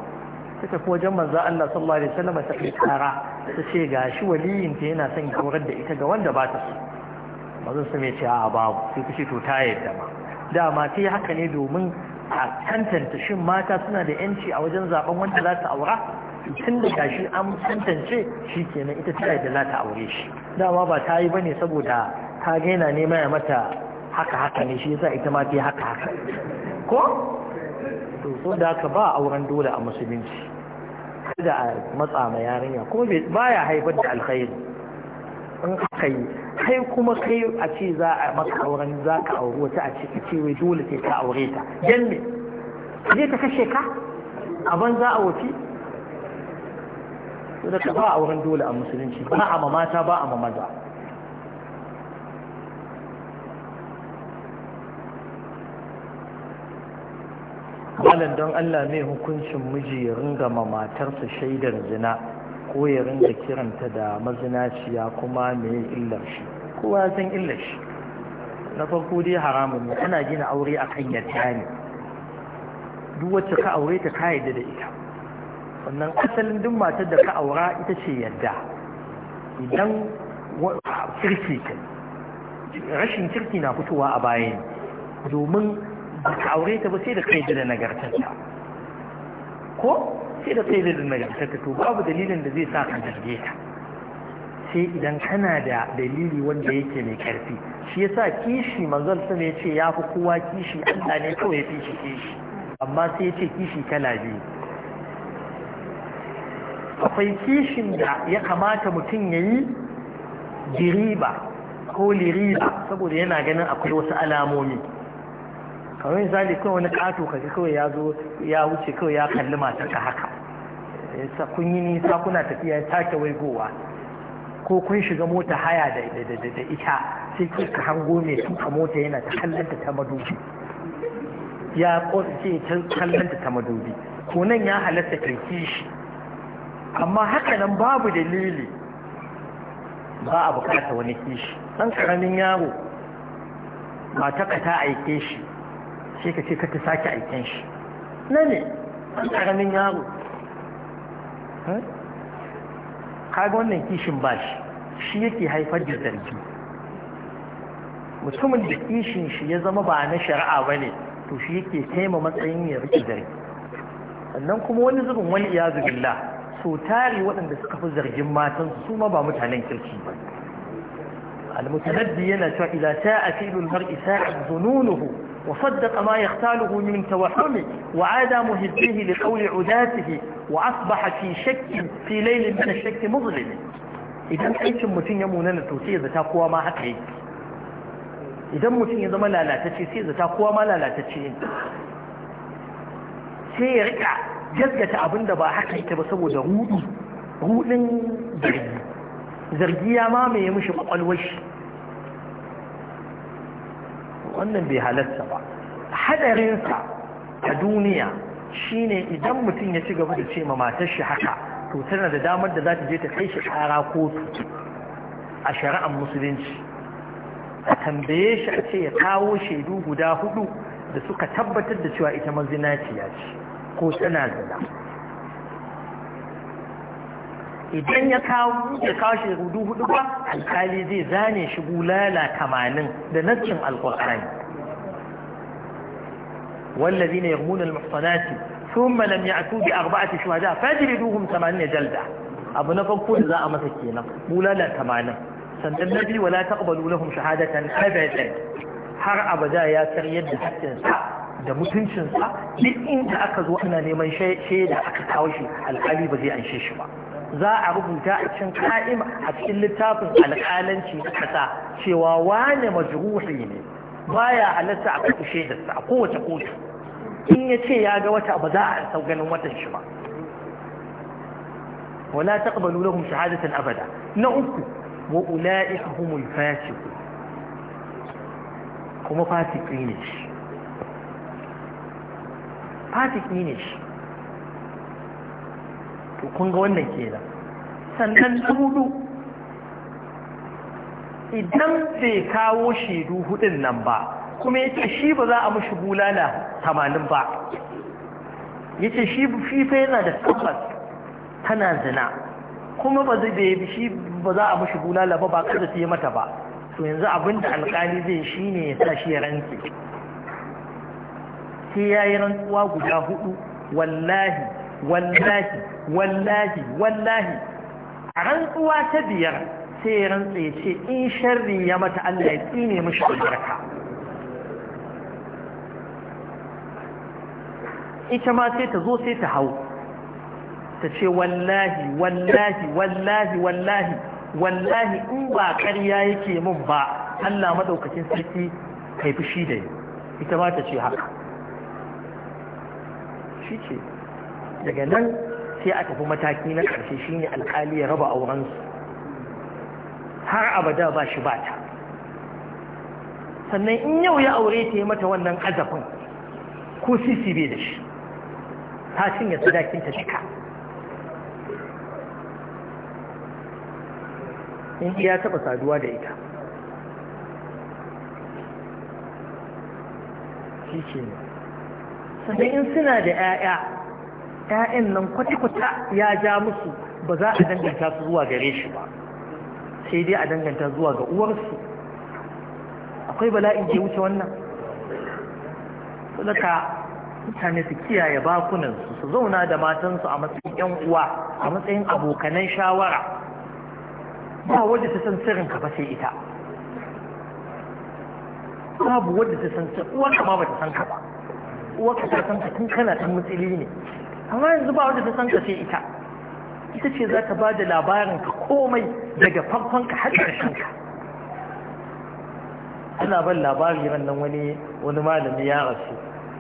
A: ta tafi wajen manzo Allah sallallahu alaihi wasallam ta kai kara ta ce gashi waliyin ta yana son kaurar da ita ga wanda ba ta so manzo sai ya ce a babu sai ta to ta yadda ma dama ta yi haka ne domin a tantance shin mata suna da yanci a wajen zaben wanda za ta aura tun da gashi an tantance shi kenan ita ta yadda za ta aure shi dama ba ta yi bane saboda ta gaina neman ya mata haka haka ne shi yasa ita ma ta yi haka haka ko to wanda da ba auren dole a musulunci da a matsa ma yarinya kuma baya haifar da alkhairi in aka yi kai kuma kai a ce za a maka auren za ka auri wata a ce ce wai dole sai ka aure ta yan ne je ta kashe ka a ban za a wuce to da ka ba auren dole a musulunci ba a mamata, ba a mamaza malam don Allah mai hukuncin miji ya ringa ma matarsa shaidar zina ko ya ringa kiranta da mazinaciya kuma mai illar shi kowa san illar shi na farko dai haramun ne ana gina aure a kan yarda ne duk wacce ka aure ta ka yarda da ita wannan asalin duk matar da ka aura ita ce yarda idan kirki rashin kirki na fitowa a bayan domin ka aure ta ba sai da kai da nagartarta ko sai da kai da nagartarta to babu dalilin da zai sa ka zarge ta sai idan kana da dalili wanda yake mai karfi shi yasa kishi manzon sun ya ce ya fi kowa kishi Allah ne kawai ya shi kishi amma sai ya ce kishi kala biyu akwai kishin da ya kamata mutum ya yi diriba ko liriba saboda yana ganin akwai wasu alamomi kawai misali kawai wani ƙato kaji kawai ya zo ya wuce kawai ya kalli ka haka kun yi nisa kuna tafiya ta take waigowa ko kun shiga mota haya da ita sai ke ka hango mai tuka mota yana ta kallanta ta madubi ya ce ta kallanta ta madubi ko nan ya halatta kai kishi amma haka nan babu dalili ba a bukata wani kishi ɗan ƙaramin yaro matarka ta aike shi sai ka ce ka ta sake aikin shi na ne an karamin yaro kaga wannan kishin bashi shi yake haifar da zargi mutumin da kishin shi ya zama ba na shari'a ba ne to shi yake taima matsayin ya rike zargi sannan kuma wani zubin wani iyazu billah so tare waɗanda suka fi zargin matan su ma ba mutanen kirki ba المتنبي ينا إذا ساء فعل المرء ساء zununuhu وصدق ما يختاله من توهم وعاد مهديه لقول عذاته وأصبح في شك في ليل من الشك مظلم إذا أيش متين يموننا توتي إذا تقوى ما حكي إذا متين يضم لا لا تشي إذا تقوى ما لا لا تشي sai ya أبن دبا حكي da ba haka زرقية ba saboda rudu rudin wannan bai halatta ba hadarinsa a duniya shine idan mutum ya ci gaba da ce ma matar shi haka to tana da damar da za ta je ta kai shi kara kotu a shari'ar musulunci a tambaye shi a ce ya kawo shaidu guda hudu da suka tabbatar da cewa ita mazinaciya ce ko tana zina idan ya kawo ya kawo shi hudu hudu ba alkali zai zane shi bulala tamanin da nassin alkur'ani wallazina yarmuna almuhsanati thumma lam ya'tu bi arba'ati shuhada fajliduhum 80 jalda abu na farko da za a masa kenan bulala tamanin sannan na biyu wala taqbalu lahum shahadatan abadan har abada ya karyar da hakkinsa da mutuncinsa duk inda aka zo ana neman shaida aka kawo shi alkali ba zai anshe shi ba za a rubuta a cikin ka'ima a cikin littafin alƙalanci na ƙasa cewa wane majruhi ne baya halatta a karɓi shaidarsa a kowace kotu in ya ce ya ga wata ba za a sau ganin watan shi ba wala taqbalu lahum shahadatan abada na uku wa ulaika humul fasiqun kuma fasiki ne shi fasiki ne shi to kun ga wannan ke nan. sannan na hudu idan bai kawo shaidu hudun nan ba kuma yace shi ba za a mashi bulala tamanin ba yace shi fifa yana da tabbas tana zina kuma ba zai shi ba za a mashi bulala ba ba kada ta yi mata ba to yanzu abin da alkali zai shi ne ya sa shi ya rantse sai ya yi rantsuwa guda hudu wallahi wallahi wallahi wallahi a rantsuwa ta biyar sai ya rantsa ya ce in sharri ya mata Allah ya tsine mishi albarka ita ma sai ta zo sai ta hau ta ce wallahi wallahi wallahi wallahi wallahi in ba ƙarya yake mun ba Allah maɗaukacin sarki kai fushi da yi ita ma ta ce haka shi ce daga nan sai aka fi mataki na ƙarshe shine alƙali ya raba aurensu har abada ba shi bata. sannan in yau ya aure ta yi mata wannan azafin ko sisi bai da shi ta cinye sadakin ta cika in ya taɓa saduwa da ita shi sannan in suna da 'ya'ya Ya'yan nan kwata-kwata ya ja musu ba za a danganta su zuwa gare shi ba sai dai a danganta zuwa ga uwarsu akwai bala'i ke wuce wannan sadaka mutane su kiyaye bakunansu su zauna da matansu a matsayin 'yan uwa a matsayin abokanan shawara ba wadda ta san sirrin ka ba sai ita babu wadda ta san sirrin uwarka ma ba ta san ka ba ka ta san ka tun kana ɗan matsili ne amma yanzu ba wanda ta san ka sai ita ita ce za ta ba da labarin ka komai daga farkon ka har ƙarshen ka ana ban labari ran nan wani wani malami ya rasu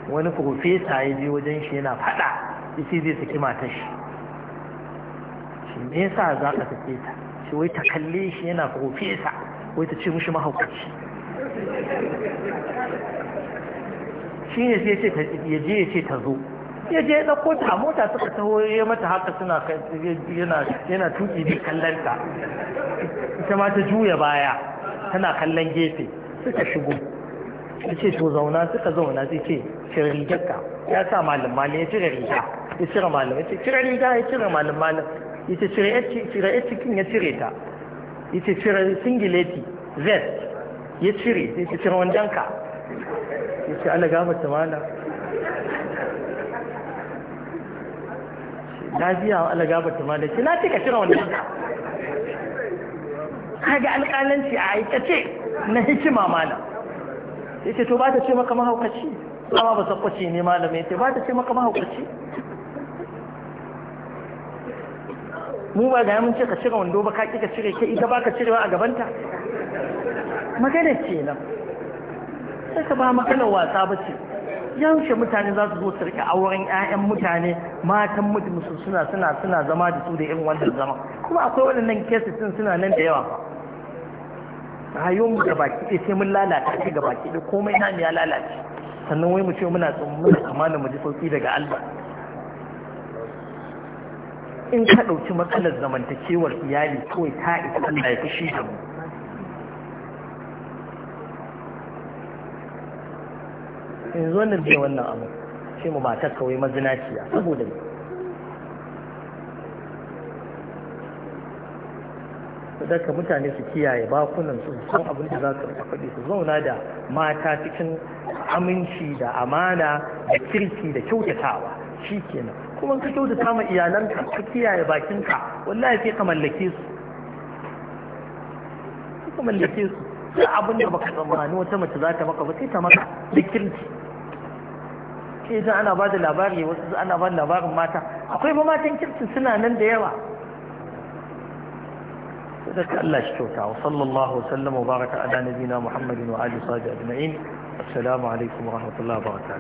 A: wani profesa ya je wajen shi yana faɗa yace zai saki matar shi shi me yasa za ka saki ta shi wai ta kalle shi yana profesa wai ta ce mishi mahaukaci shi ne sai ya ce ya je ya ce ta zo ya je ya ɗauko ta mota suka taho ya mata haka suna yana yana tuki bi kallon ta ita ma ta juya baya tana kallon gefe suka shigo ya ce to zauna suka zauna sai ce cire rigarka ya sa malam malam ya cire riga ya cire malam ya ce cire riga ya cire malam malam ya ce cire ya cikin ya cire ta ya ce cire singileti vest ya cire ya ce cire wandanka ya ce ala mata ta malam biya wa Allah gabata ma da na ce ka cire wannan kaga alƙalanci a aikace na hikima malam yace to ba ta ce maka mahaukaci amma ba kwace ne malam yace ba ta ce maka mahaukaci mu ba ga mun ce ka cire wando ba ka ki ka cire ke ita ba ka cirewa a gabanta magana ce nan sai ka ba magana wasa ba ce yaushe mutane za su zo su rika auren 'ya'yan mutane matan mutum suna suna suna zama da su da irin wannan zama kuma akwai waɗannan kesisin suna nan da yawa rayuwar da baki ɗaya sai mun lalata shi ga baki ɗaya komai na ya lalace sannan wai mu ce muna tsammanin kamanin mu ji sauki daga Allah in ka ɗauki matsalar zamantakewar iyali kawai ta isa Allah ya fi shi da mu In zo na bai wannan abu sai mu matar kawai mazinaciya saboda ne daga mutane su kiyaye bakunan su san abin da za su faɗi su zauna da mata cikin aminci da amana da kirki da kyautatawa shi kenan kuma ka kyautata ma iyalanka ka kiyaye bakinka wallahi sai ka mallake su ka mallake su sai abin da baka tsammani wata mace za ta maka ba sai ta maka da kirki sai idan ana ba labari wasu su ana ba da labarin mata akwai ba matan kirkin suna nan da yawa da ka Allah shi kyauta wa nabina muhammadin ali sadi ajma'in assalamu alaikum